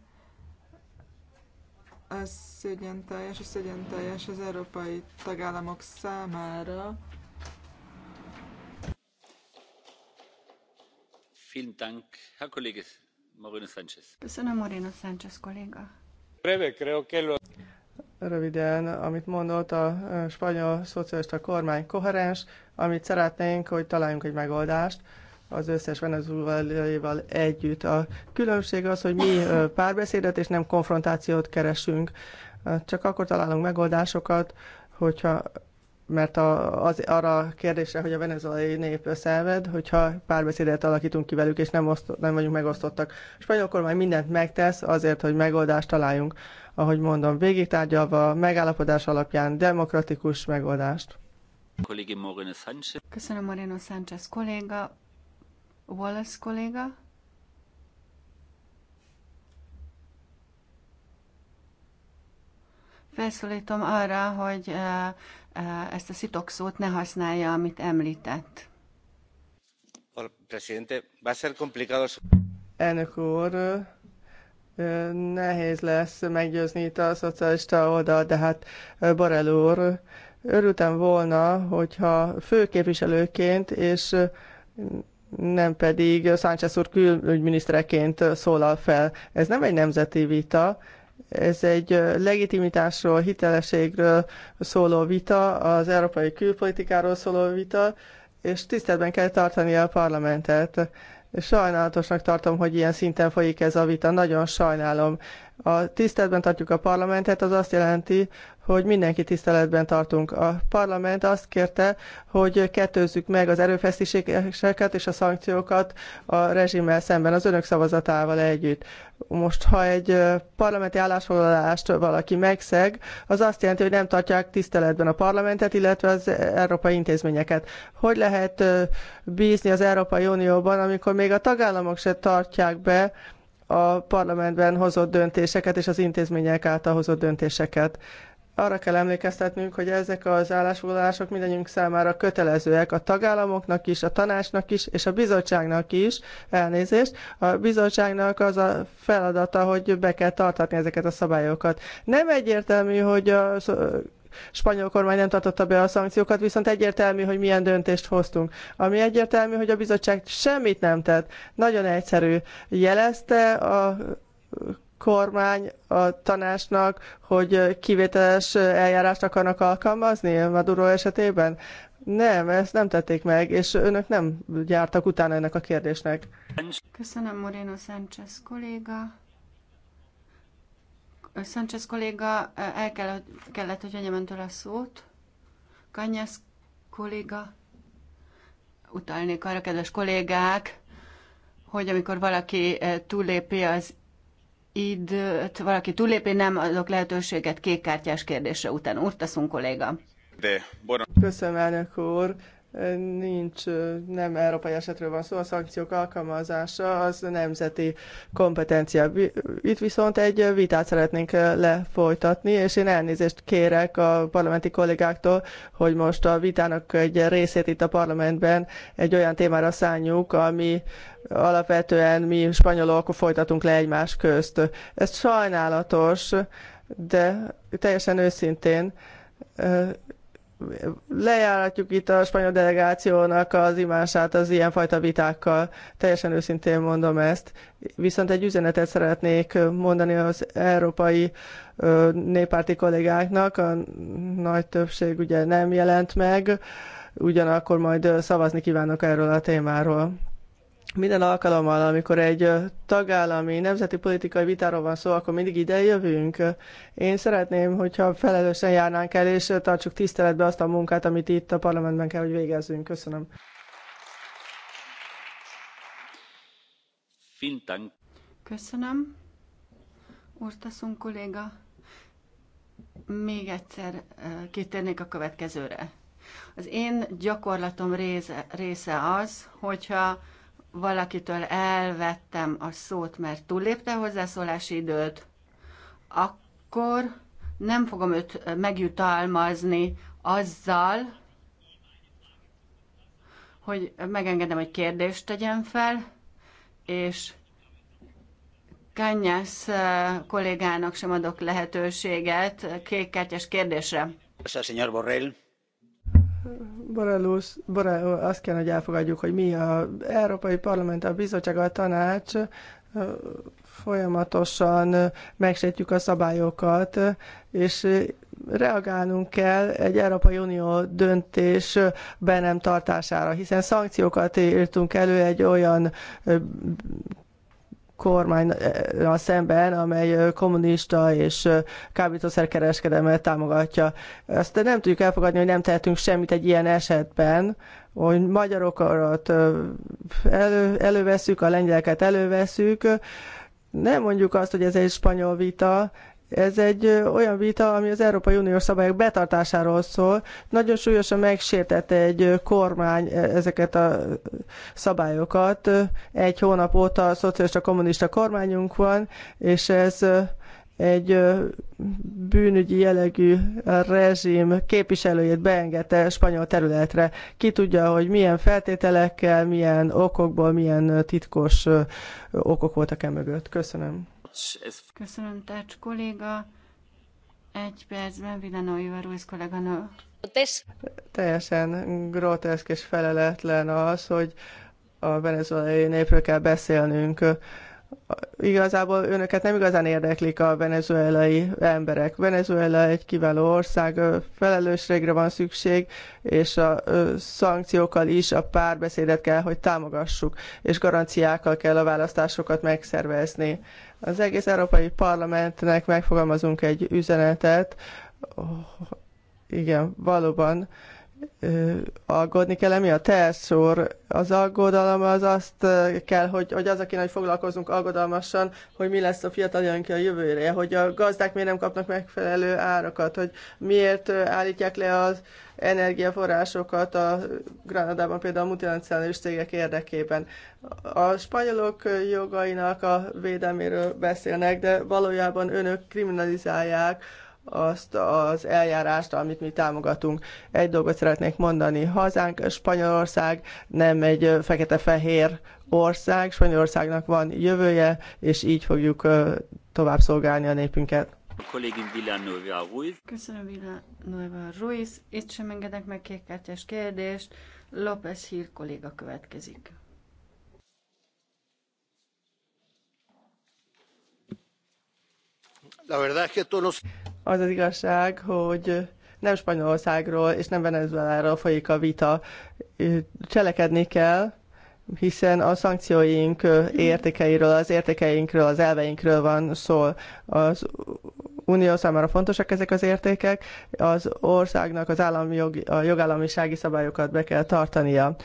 S4: Ez szégyen teljes, és szégyen teljes az európai tagállamok számára.
S1: Köszönöm, Moreno Sánchez kolléga röviden, amit mondott a spanyol szocialista kormány koherens, amit szeretnénk, hogy találjunk egy megoldást az összes venezuelaival együtt. A különbség az, hogy mi párbeszédet és nem konfrontációt keresünk. Csak akkor találunk megoldásokat, hogyha mert a, az, arra a kérdésre, hogy a venezuelai nép szenved, hogyha párbeszédet alakítunk ki velük, és nem, oszt, nem vagyunk megosztottak. A spanyol kormány mindent megtesz azért, hogy megoldást találjunk. Ahogy mondom, végig tárgyalva, megállapodás alapján demokratikus
S2: megoldást. Köszönöm Moreno Sánchez kolléga, Wallace kolléga. Felszólítom arra, hogy eh, ezt a szitokszót ne használja, amit említett. Elnök úr,
S1: nehéz lesz meggyőzni itt a szocialista oldal, de hát Borel úr, örültem volna, hogyha főképviselőként és nem pedig Sánchez úr külügyminisztereként szólal fel. Ez nem egy nemzeti vita, ez egy legitimitásról, hitelességről szóló vita, az európai külpolitikáról szóló vita, és tiszteletben kell tartani a parlamentet. Sajnálatosnak tartom, hogy ilyen szinten folyik ez a vita, nagyon sajnálom. A tiszteletben tartjuk a parlamentet, az azt jelenti, hogy mindenki tiszteletben tartunk. A parlament azt kérte, hogy kettőzzük meg az erőfeszítéseket és a szankciókat a rezsimmel szemben az önök szavazatával együtt. Most, ha egy parlamenti állásfoglalást valaki megszeg, az azt jelenti, hogy nem tartják tiszteletben a parlamentet, illetve az európai intézményeket. Hogy lehet bízni az Európai Unióban, amikor még a tagállamok se tartják be a parlamentben hozott döntéseket és az intézmények által hozott döntéseket. Arra kell emlékeztetnünk, hogy ezek az állásfoglalások mindenünk számára kötelezőek a tagállamoknak is, a tanácsnak is, és a bizottságnak is, elnézést. A bizottságnak az a feladata, hogy be kell tartatni ezeket a szabályokat. Nem egyértelmű, hogy a spanyol kormány nem tartotta be a szankciókat, viszont egyértelmű, hogy milyen döntést hoztunk. Ami egyértelmű, hogy a bizottság semmit nem tett. Nagyon egyszerű. Jelezte a kormány a tanácsnak, hogy kivételes eljárást akarnak alkalmazni Maduro esetében? Nem, ezt nem tették meg, és önök nem jártak utána ennek a kérdésnek.
S2: Köszönöm, Moreno Sánchez kolléga. Sanchez kolléga, el kellett, kellett hogy vegyem öntől a szót. Kanyász kolléga, utalnék arra, kedves kollégák, hogy amikor valaki túllépi az időt, valaki túllépi, nem adok lehetőséget kékkártyás kérdésre után. Úrtaszunk kolléga. De, Köszönöm, elnök úr nincs, nem európai esetről van szó,
S1: a szankciók alkalmazása az nemzeti kompetencia. Itt viszont egy vitát szeretnénk lefolytatni, és én elnézést kérek a parlamenti kollégáktól, hogy most a vitának egy részét itt a parlamentben egy olyan témára szálljuk, ami alapvetően mi spanyolok folytatunk le egymás közt. Ez sajnálatos, de teljesen őszintén lejáratjuk itt a spanyol delegációnak az imását az ilyenfajta vitákkal. Teljesen őszintén mondom ezt. Viszont egy üzenetet szeretnék mondani az európai néppárti kollégáknak. A nagy többség ugye nem jelent meg, ugyanakkor majd szavazni kívánok erről a témáról. Minden alkalommal, amikor egy tagállami nemzeti politikai vitáról van szó, akkor mindig ide jövünk. Én szeretném, hogyha felelősen járnánk el, és tartsuk tiszteletbe azt a munkát, amit itt a parlamentben kell, hogy végezzünk. Köszönöm.
S2: Köszönöm. Urtaszunk kolléga, még egyszer kitérnék a következőre. Az én gyakorlatom része, része az, hogyha valakitől elvettem a szót, mert túllépte a hozzászólási időt, akkor nem fogom őt megjutalmazni azzal, hogy megengedem, hogy kérdést tegyen fel, és Kanyász kollégának sem adok lehetőséget kékkártyás kérdésre. Köszönöm,
S3: Borrell.
S1: Borelus, Borel, azt kell, hogy elfogadjuk, hogy mi a Európai Parlament, a Bizottság, a Tanács folyamatosan megsértjük a szabályokat, és reagálnunk kell egy Európai Unió döntés be nem tartására, hiszen szankciókat írtunk elő egy olyan a szemben, amely kommunista és kábítószerkereskedelmet támogatja. Azt nem tudjuk elfogadni, hogy nem tehetünk semmit egy ilyen esetben, hogy magyarokat elő, előveszük, a lengyeleket előveszük, nem mondjuk azt, hogy ez egy spanyol vita, ez egy olyan vita, ami az Európai Uniós szabályok betartásáról szól. Nagyon súlyosan megsértette egy kormány e, ezeket a szabályokat. Egy hónap óta a szocialista kommunista kormányunk van, és ez egy bűnügyi jellegű rezsim képviselőjét beengedte spanyol területre. Ki tudja, hogy milyen feltételekkel, milyen okokból, milyen titkos okok voltak e mögött. Köszönöm.
S2: Köszönöm, Tács kolléga. Egy percben Vilano Ivarúz kolléganő.
S1: Teljesen groteszk és feleletlen az, hogy a venezuelai népről kell beszélnünk. Igazából önöket nem igazán érdeklik a venezuelai emberek. Venezuela egy kiváló ország, felelősségre van szükség, és a szankciókkal is a párbeszédet kell, hogy támogassuk, és garanciákkal kell a választásokat megszervezni az egész Európai Parlamentnek megfogalmazunk egy üzenetet, oh, igen, valóban aggódni kell Mi a úr, az aggodalom az azt kell, hogy, hogy az, akinek foglalkozunk aggodalmasan, hogy mi lesz a fiataljaink a jövőre, hogy a gazdák miért nem kapnak megfelelő árakat, hogy miért állítják le az energiaforrásokat a Granadában például a multinacionális cégek érdekében. A spanyolok jogainak a védelméről beszélnek, de valójában önök kriminalizálják azt az eljárást, amit mi támogatunk. Egy dolgot szeretnék mondani. Hazánk, Spanyolország nem egy fekete-fehér ország, Spanyolországnak van jövője, és így fogjuk tovább szolgálni
S3: a népünket. Ruiz.
S2: Köszönöm Villanueva Ruiz. Itt sem engedek meg kékkártyás kérdést. López Hír kolléga következik.
S3: Az
S1: az igazság, hogy nem Spanyolországról és nem Venezueláról folyik a vita. Cselekedni kell, hiszen a szankcióink értékeiről, az értékeinkről, az elveinkről van szó. Az unió számára fontosak ezek az értékek, az országnak az állami jog, a jogállamisági szabályokat be kell tartania.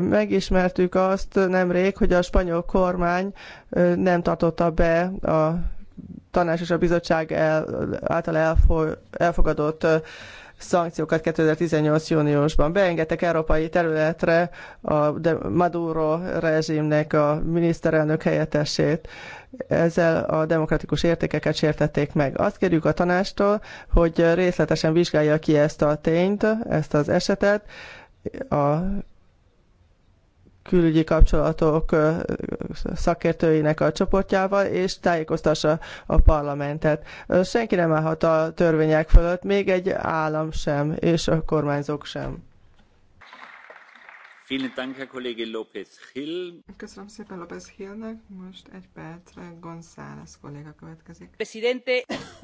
S1: Megismertük azt nemrég, hogy a spanyol kormány nem tartotta be a tanács és a bizottság el, által elfor, elfogadott szankciókat 2018. júniusban. Beengedtek európai területre a Maduro rezsimnek a miniszterelnök helyettesét. Ezzel a demokratikus értékeket sértették meg. Azt kérjük a tanástól, hogy részletesen vizsgálja ki ezt a tényt, ezt az esetet, a külügyi kapcsolatok szakértőinek a csoportjával, és tájékoztassa a parlamentet. Senki nem állhat a törvények fölött, még egy állam sem, és a kormányzók sem.
S4: Köszönöm szépen López Hillnek, most egy percre González kolléga következik.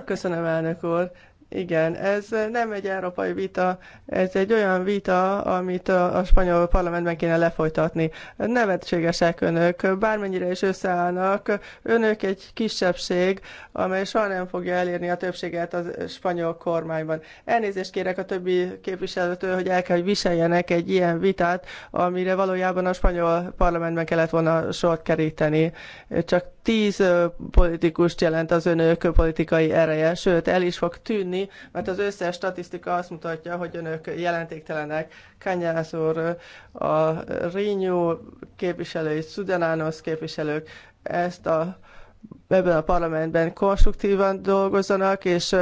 S1: Köszönöm elnök úr. Igen, ez nem egy európai vita, ez egy olyan vita, amit a, a spanyol parlamentben kéne lefolytatni. Nevetségesek önök, bármennyire is összeállnak, önök egy kisebbség, amely soha nem fogja elérni a többséget a spanyol kormányban. Elnézést kérek a többi képviselőtől, hogy el kell, hogy viseljenek egy ilyen vitát, amire valójában a spanyol parlamentben kellett volna sort keríteni. Csak tíz politikust jelent az önök politikai ereje, sőt el is fog tűnni, mert az összes statisztika azt mutatja, hogy önök jelentéktelenek. Kanyász úr, a Renew képviselői, Szudanánosz képviselők ezt a, ebben a parlamentben konstruktívan dolgozzanak, és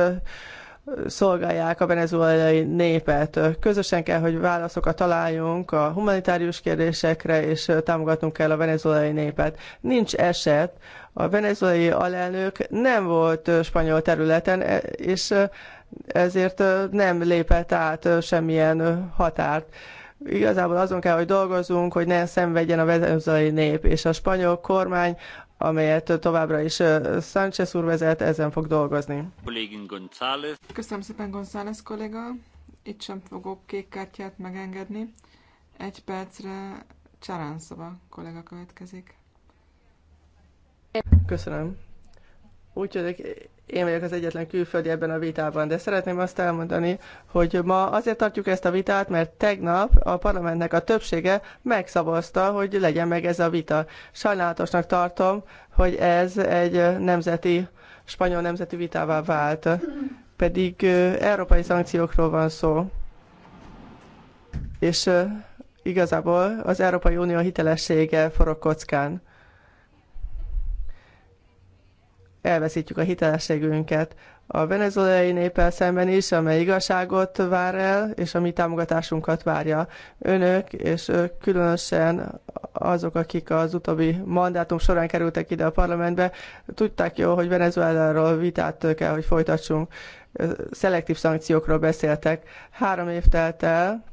S1: szolgálják a venezuelai népet. Közösen kell, hogy válaszokat találjunk a humanitárius kérdésekre, és támogatnunk kell a venezuelai népet. Nincs eset, a venezuelai alelnök nem volt spanyol területen, és ezért nem lépett át semmilyen határt. Igazából azon kell, hogy dolgozunk, hogy ne szenvedjen a venezuelai nép, és a spanyol kormány amelyet továbbra is Sánchez úr vezet, ezen
S3: fog dolgozni.
S4: Köszönöm szépen, González kolléga. Itt sem fogok kék kártyát megengedni. Egy percre Csaránszava kollega következik.
S1: Köszönöm. Úgy tűnik, én vagyok az egyetlen külföldi ebben a vitában, de szeretném azt elmondani, hogy ma azért tartjuk ezt a vitát, mert tegnap a parlamentnek a többsége megszavazta, hogy legyen meg ez a vita. Sajnálatosnak tartom, hogy ez egy nemzeti, spanyol nemzeti vitává vált, pedig európai szankciókról van szó. És igazából az Európai Unió hitelessége forog kockán elveszítjük a hitelességünket. A venezuelai népel szemben is, amely igazságot vár el, és a mi támogatásunkat várja. Önök, és különösen azok, akik az utóbbi mandátum során kerültek ide a parlamentbe, tudták jó, hogy Venezueláról vitát kell, hogy folytassunk. Szelektív szankciókról beszéltek. Három év telt el,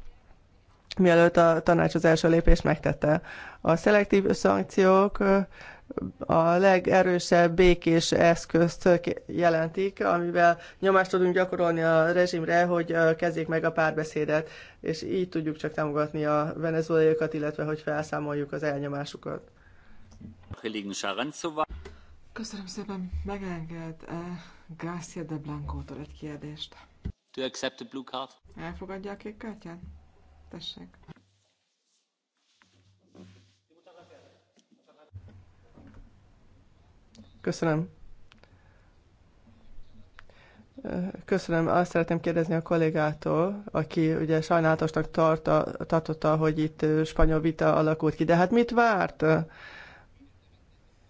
S1: mielőtt a tanács az első lépést megtette. A szelektív szankciók a legerősebb békés eszközt jelentik, amivel nyomást tudunk gyakorolni a rezsimre, hogy kezdjék meg a párbeszédet, és így tudjuk csak támogatni a venezuelaiokat, illetve hogy felszámoljuk az elnyomásukat.
S3: Köszönöm szépen, megenged eh,
S4: Garcia de Blanco-tól egy kérdést.
S3: To accept the blue card.
S4: Elfogadja a kék kártyát?
S1: Tessék. Köszönöm. Köszönöm. Azt szeretném kérdezni a kollégától, aki ugye sajnálatosnak tarta, tartotta, hogy itt spanyol vita alakult ki. De hát mit várt?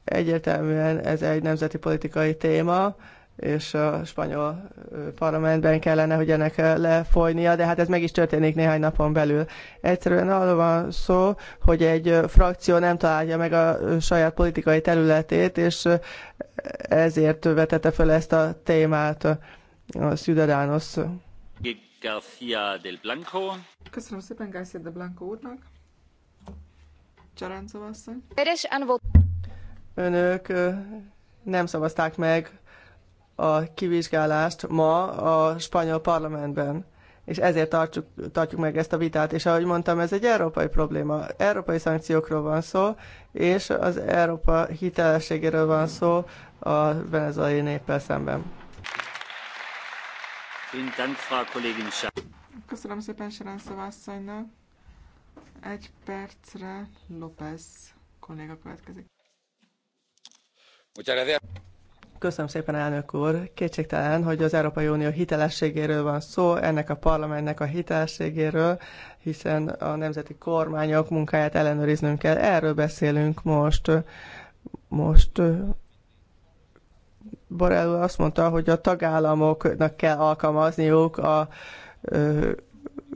S1: Egyértelműen ez egy nemzeti politikai téma és a spanyol parlamentben kellene, hogy ennek lefolynia, de hát ez meg is történik néhány napon belül. Egyszerűen arról van szó, hogy egy frakció nem találja meg a saját politikai területét, és ezért vetette fel ezt a témát a Ciudadanos.
S3: García del Blanco.
S4: Köszönöm szépen García del Blanco úrnak. Csaráncova asszony.
S1: Önök nem szavazták meg a kivizsgálást ma a spanyol parlamentben. És ezért tartjuk, tartjuk meg ezt a vitát. És ahogy mondtam, ez egy európai probléma. Európai szankciókról van szó, és az Európa hitelességéről van szó a venezuelai néppel
S3: szemben.
S4: Köszönöm szépen Sharon Szavászonynak. Egy percre López
S1: kolléga következik. Köszönöm szépen, elnök úr. Kétségtelen, hogy az Európai Unió hitelességéről van szó, ennek a parlamentnek a hitelességéről, hiszen a nemzeti kormányok munkáját ellenőriznünk kell. Erről beszélünk most. Most Borrell azt mondta, hogy a tagállamoknak kell alkalmazniuk a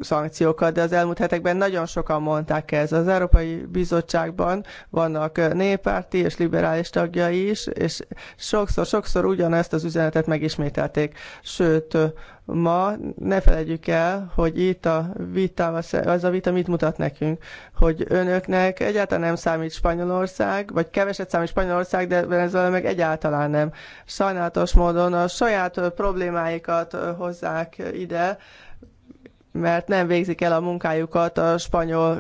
S1: szankciókat, de az elmúlt hetekben nagyon sokan mondták ez. Az Európai Bizottságban vannak néppárti és liberális tagjai is, és sokszor-sokszor ugyanezt az üzenetet megismételték. Sőt, ma ne felejtjük el, hogy itt a vita, az a vita mit mutat nekünk, hogy önöknek egyáltalán nem számít Spanyolország, vagy keveset számít Spanyolország, de Venezuela meg egyáltalán nem. Sajnálatos módon a saját problémáikat hozzák ide, mert nem végzik el a munkájukat a spanyol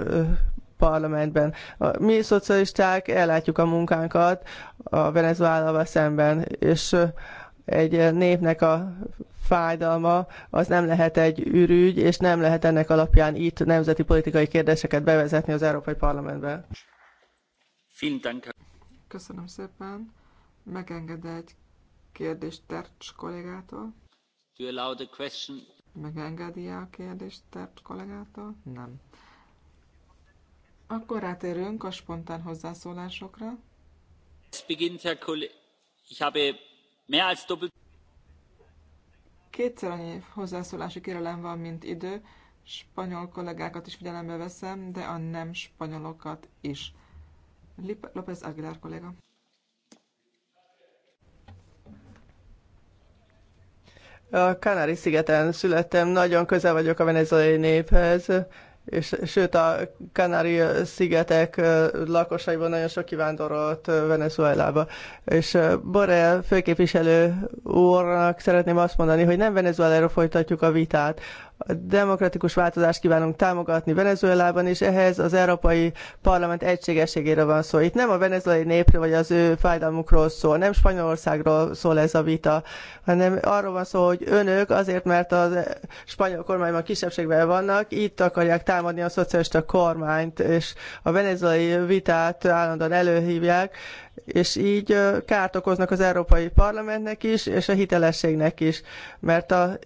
S1: parlamentben. Mi szocialisták ellátjuk a munkánkat a Venezuelával szemben, és egy népnek a fájdalma az nem lehet egy ürügy, és nem lehet ennek alapján itt nemzeti politikai kérdéseket bevezetni az Európai Parlamentbe.
S4: Köszönöm szépen. Megenged egy kérdést Tercs kollégától.
S3: Do you allow the question
S4: Megengedi -e a kérdést tett kollégától? Nem. Akkor rátérünk a spontán hozzászólásokra. Kétszer annyi hozzászólási kérelem van, mint idő. Spanyol kollégákat is figyelembe veszem, de a nem spanyolokat is. López Aguilar kolléga.
S1: A Kanári-szigeten születtem, nagyon közel vagyok a venezuelai néphez, és sőt a Kanári-szigetek lakosaiból nagyon sok kivándorolt Venezuelába. És Borrell főképviselő úrnak szeretném azt mondani, hogy nem Venezuelára folytatjuk a vitát. A demokratikus változást kívánunk támogatni Venezuelában, és ehhez az Európai Parlament egységességére van szó. Itt nem a venezuelai népről vagy az ő fájdalmukról szól, nem Spanyolországról szól ez a vita, hanem arról van szó, hogy önök azért, mert a spanyol kormányban kisebbségben vannak, itt akarják támadni a szocialista kormányt, és a venezuelai vitát állandóan előhívják, és így kárt okoznak az Európai Parlamentnek is, és a hitelességnek is, mert a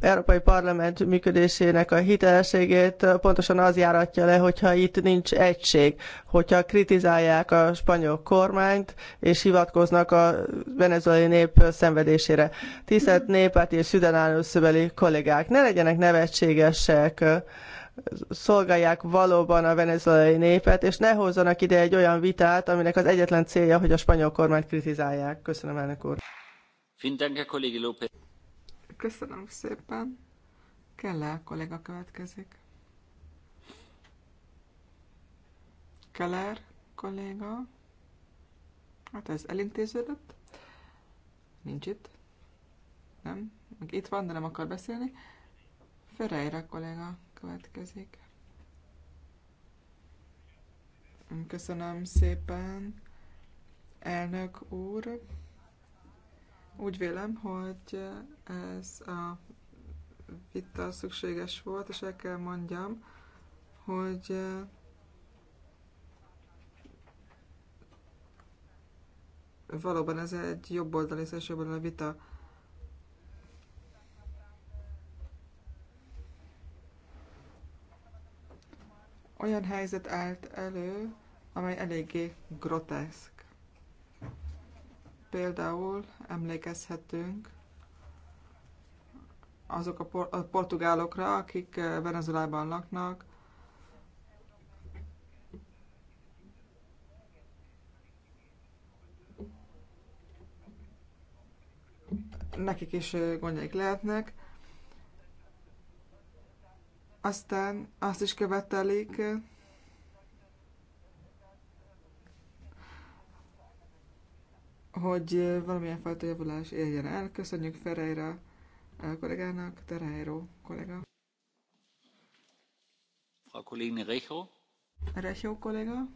S1: Európai Parlament működésének a hitelességét pontosan az járatja le, hogyha itt nincs egység, hogyha kritizálják a spanyol kormányt, és hivatkoznak a venezuelai nép szenvedésére. Tisztelt népát és szüdenálőszöbeli kollégák, ne legyenek nevetségesek, szolgálják valóban a venezuelai népet, és ne hozzanak ide egy olyan vitát, aminek az egyetlen célja, hogy a spanyol kormányt kritizálják. Köszönöm, elnök úr.
S4: Köszönöm szépen. Keller kolléga következik. Keller kolléga. Hát ez elintéződött. Nincs itt. Nem? Még itt van, de nem akar beszélni. Ferreira kolléga következik. Köszönöm szépen, elnök úr. Úgy vélem, hogy ez a vita szükséges volt, és el kell mondjam, hogy valóban ez egy jobb és jobb a vita. Olyan helyzet állt elő, amely eléggé groteszk. Például emlékezhetünk azok a, por- a portugálokra, akik eh, Venezuelában laknak, nekik is eh, gondjaik lehetnek. Aztán azt is követelik, eh, hogy valamilyen fajta javulás éljen el. Köszönjük Ferreira kollégának, Terreiro kollega.
S3: Frau Kollegin Recho.
S4: Recho kollega.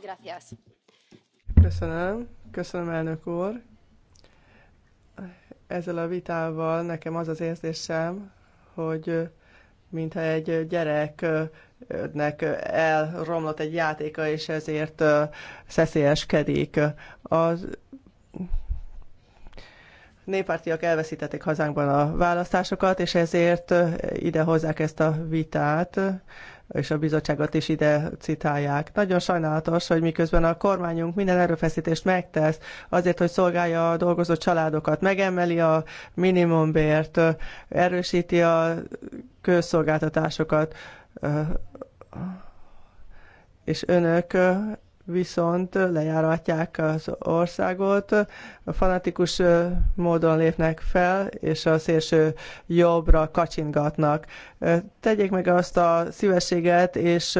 S3: Gracias.
S1: Köszönöm, köszönöm elnök úr. Ezzel a vitával nekem az az érzésem, hogy mintha egy gyereknek elromlott egy játéka, és ezért szeszélyeskedik. Az néppártiak elveszítették hazánkban a választásokat, és ezért ide hozzák ezt a vitát, és a bizottságot is ide citálják. Nagyon sajnálatos, hogy miközben a kormányunk minden erőfeszítést megtesz azért, hogy szolgálja a dolgozó családokat, megemeli a minimumbért, erősíti a közszolgáltatásokat, és önök viszont lejáratják az országot, fanatikus módon lépnek fel, és a szélső jobbra kacsingatnak. Tegyék meg azt a szívességet, és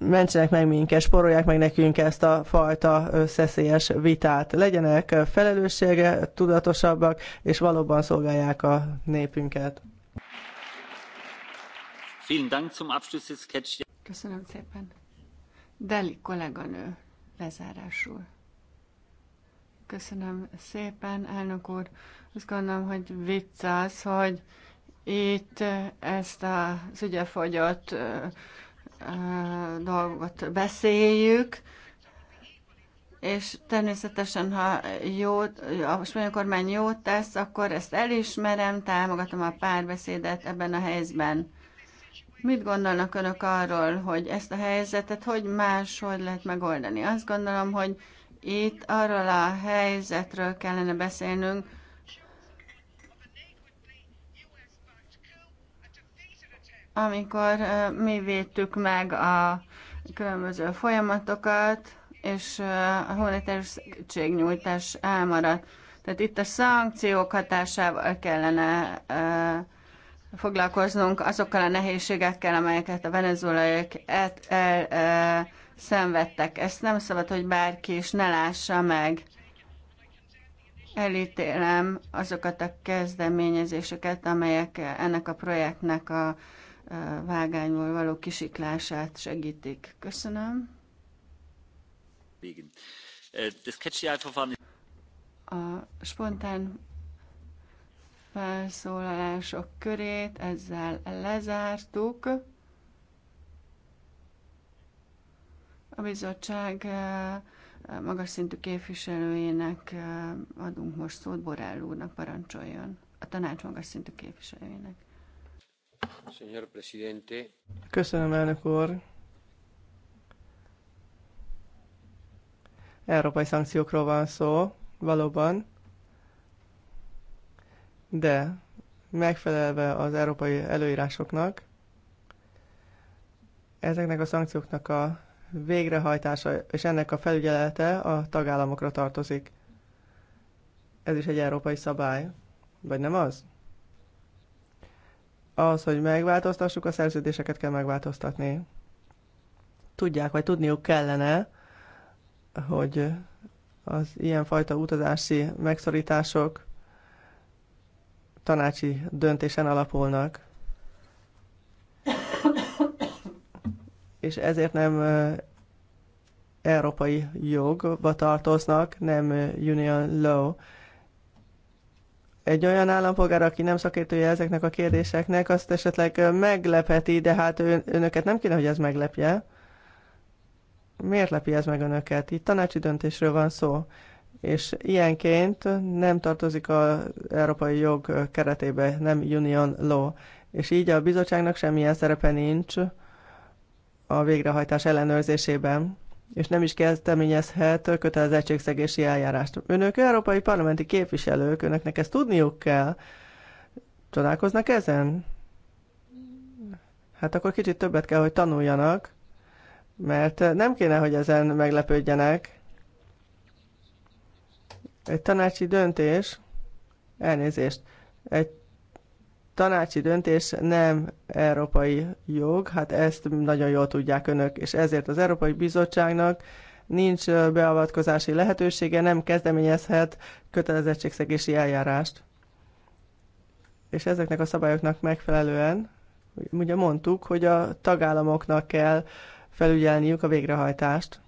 S1: mentsenek meg minket, sporolják meg nekünk ezt a fajta szeszélyes vitát. Legyenek felelőssége, tudatosabbak, és valóban szolgálják a népünket.
S2: Köszönöm szépen. Deli kolléganő lezárásul. Köszönöm szépen, elnök úr. Azt gondolom, hogy vicc az, hogy itt eh, ezt az ügyefogyott eh, eh, dolgot beszéljük, és természetesen, ha jó, a spanyol kormány jót tesz, akkor ezt elismerem, támogatom a párbeszédet ebben a helyzben. Mit gondolnak önök arról, hogy ezt a helyzetet hogy máshogy lehet megoldani? Azt gondolom, hogy itt arról a helyzetről kellene beszélnünk, amikor mi védtük meg a különböző folyamatokat, és a humanitárius segítségnyújtás elmaradt. Tehát itt a szankciók hatásával kellene uh, foglalkoznunk azokkal a nehézségekkel, amelyeket a venezuelaiak el, el, e, szenvedtek. Ezt nem szabad, hogy bárki is ne lássa meg. Elítélem azokat a kezdeményezéseket, amelyek ennek a projektnek a e, vágányból való kisiklását segítik. Köszönöm.
S3: Äh,
S2: a spontán felszólalások körét, ezzel lezártuk. A bizottság eh, magas szintű képviselőjének eh, adunk most szót, Borrell úrnak parancsoljon, a tanács magas szintű képviselőjének. Köszönöm, elnök
S1: úr. Európai szankciókról van szó, valóban de megfelelve az európai előírásoknak, ezeknek a szankcióknak a végrehajtása és ennek a felügyelete a tagállamokra tartozik. Ez is egy európai szabály, vagy nem az? Az, hogy megváltoztassuk, a szerződéseket kell megváltoztatni. Tudják, vagy tudniuk kellene, hogy az ilyenfajta utazási megszorítások tanácsi döntésen alapulnak. És ezért nem európai jogba tartoznak, nem union law. Egy olyan állampolgár, aki nem szakértője ezeknek a kérdéseknek, azt esetleg meglepheti, de hát ön, önöket nem kéne, hogy ez meglepje. Miért lepi ez meg önöket? Itt tanácsi döntésről van szó és ilyenként nem tartozik az európai jog keretébe, nem union law, és így a bizottságnak semmilyen szerepe nincs a végrehajtás ellenőrzésében, és nem is kezdeményezhet kötelezettségszegési eljárást. Önök európai parlamenti képviselők, önöknek ezt tudniuk kell. Csodálkoznak ezen? Hát akkor kicsit többet kell, hogy tanuljanak, mert nem kéne, hogy ezen meglepődjenek, egy tanácsi döntés, elnézést, egy tanácsi döntés nem európai jog, hát ezt nagyon jól tudják önök, és ezért az Európai Bizottságnak nincs beavatkozási lehetősége, nem kezdeményezhet kötelezettségszegési eljárást. És ezeknek a szabályoknak megfelelően, ugye mondtuk, hogy a tagállamoknak kell felügyelniük a végrehajtást.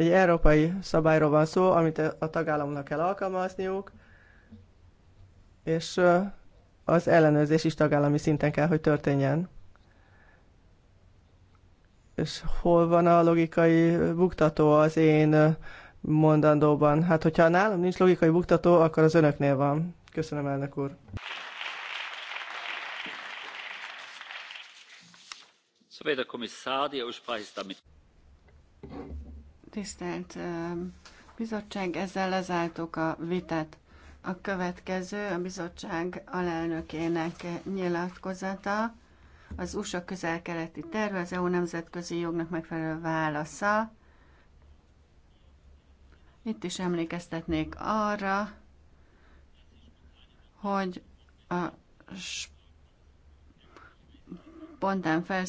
S1: Egy európai szabályról van szó, amit a tagállamnak kell alkalmazniuk, és az ellenőrzés is tagállami szinten kell, hogy történjen. És hol van a logikai buktató az én mondandóban? Hát, hogyha nálam nincs logikai buktató, akkor az önöknél van. Köszönöm, elnök úr.
S3: Szóval a komisszádi, a
S2: Tisztelt bizottság, ezzel lezártuk a vitát. A következő a bizottság alelnökének nyilatkozata, az USA közel-keleti terve, az EU nemzetközi jognak megfelelő válasza. Itt is emlékeztetnék arra, hogy a spontán felsz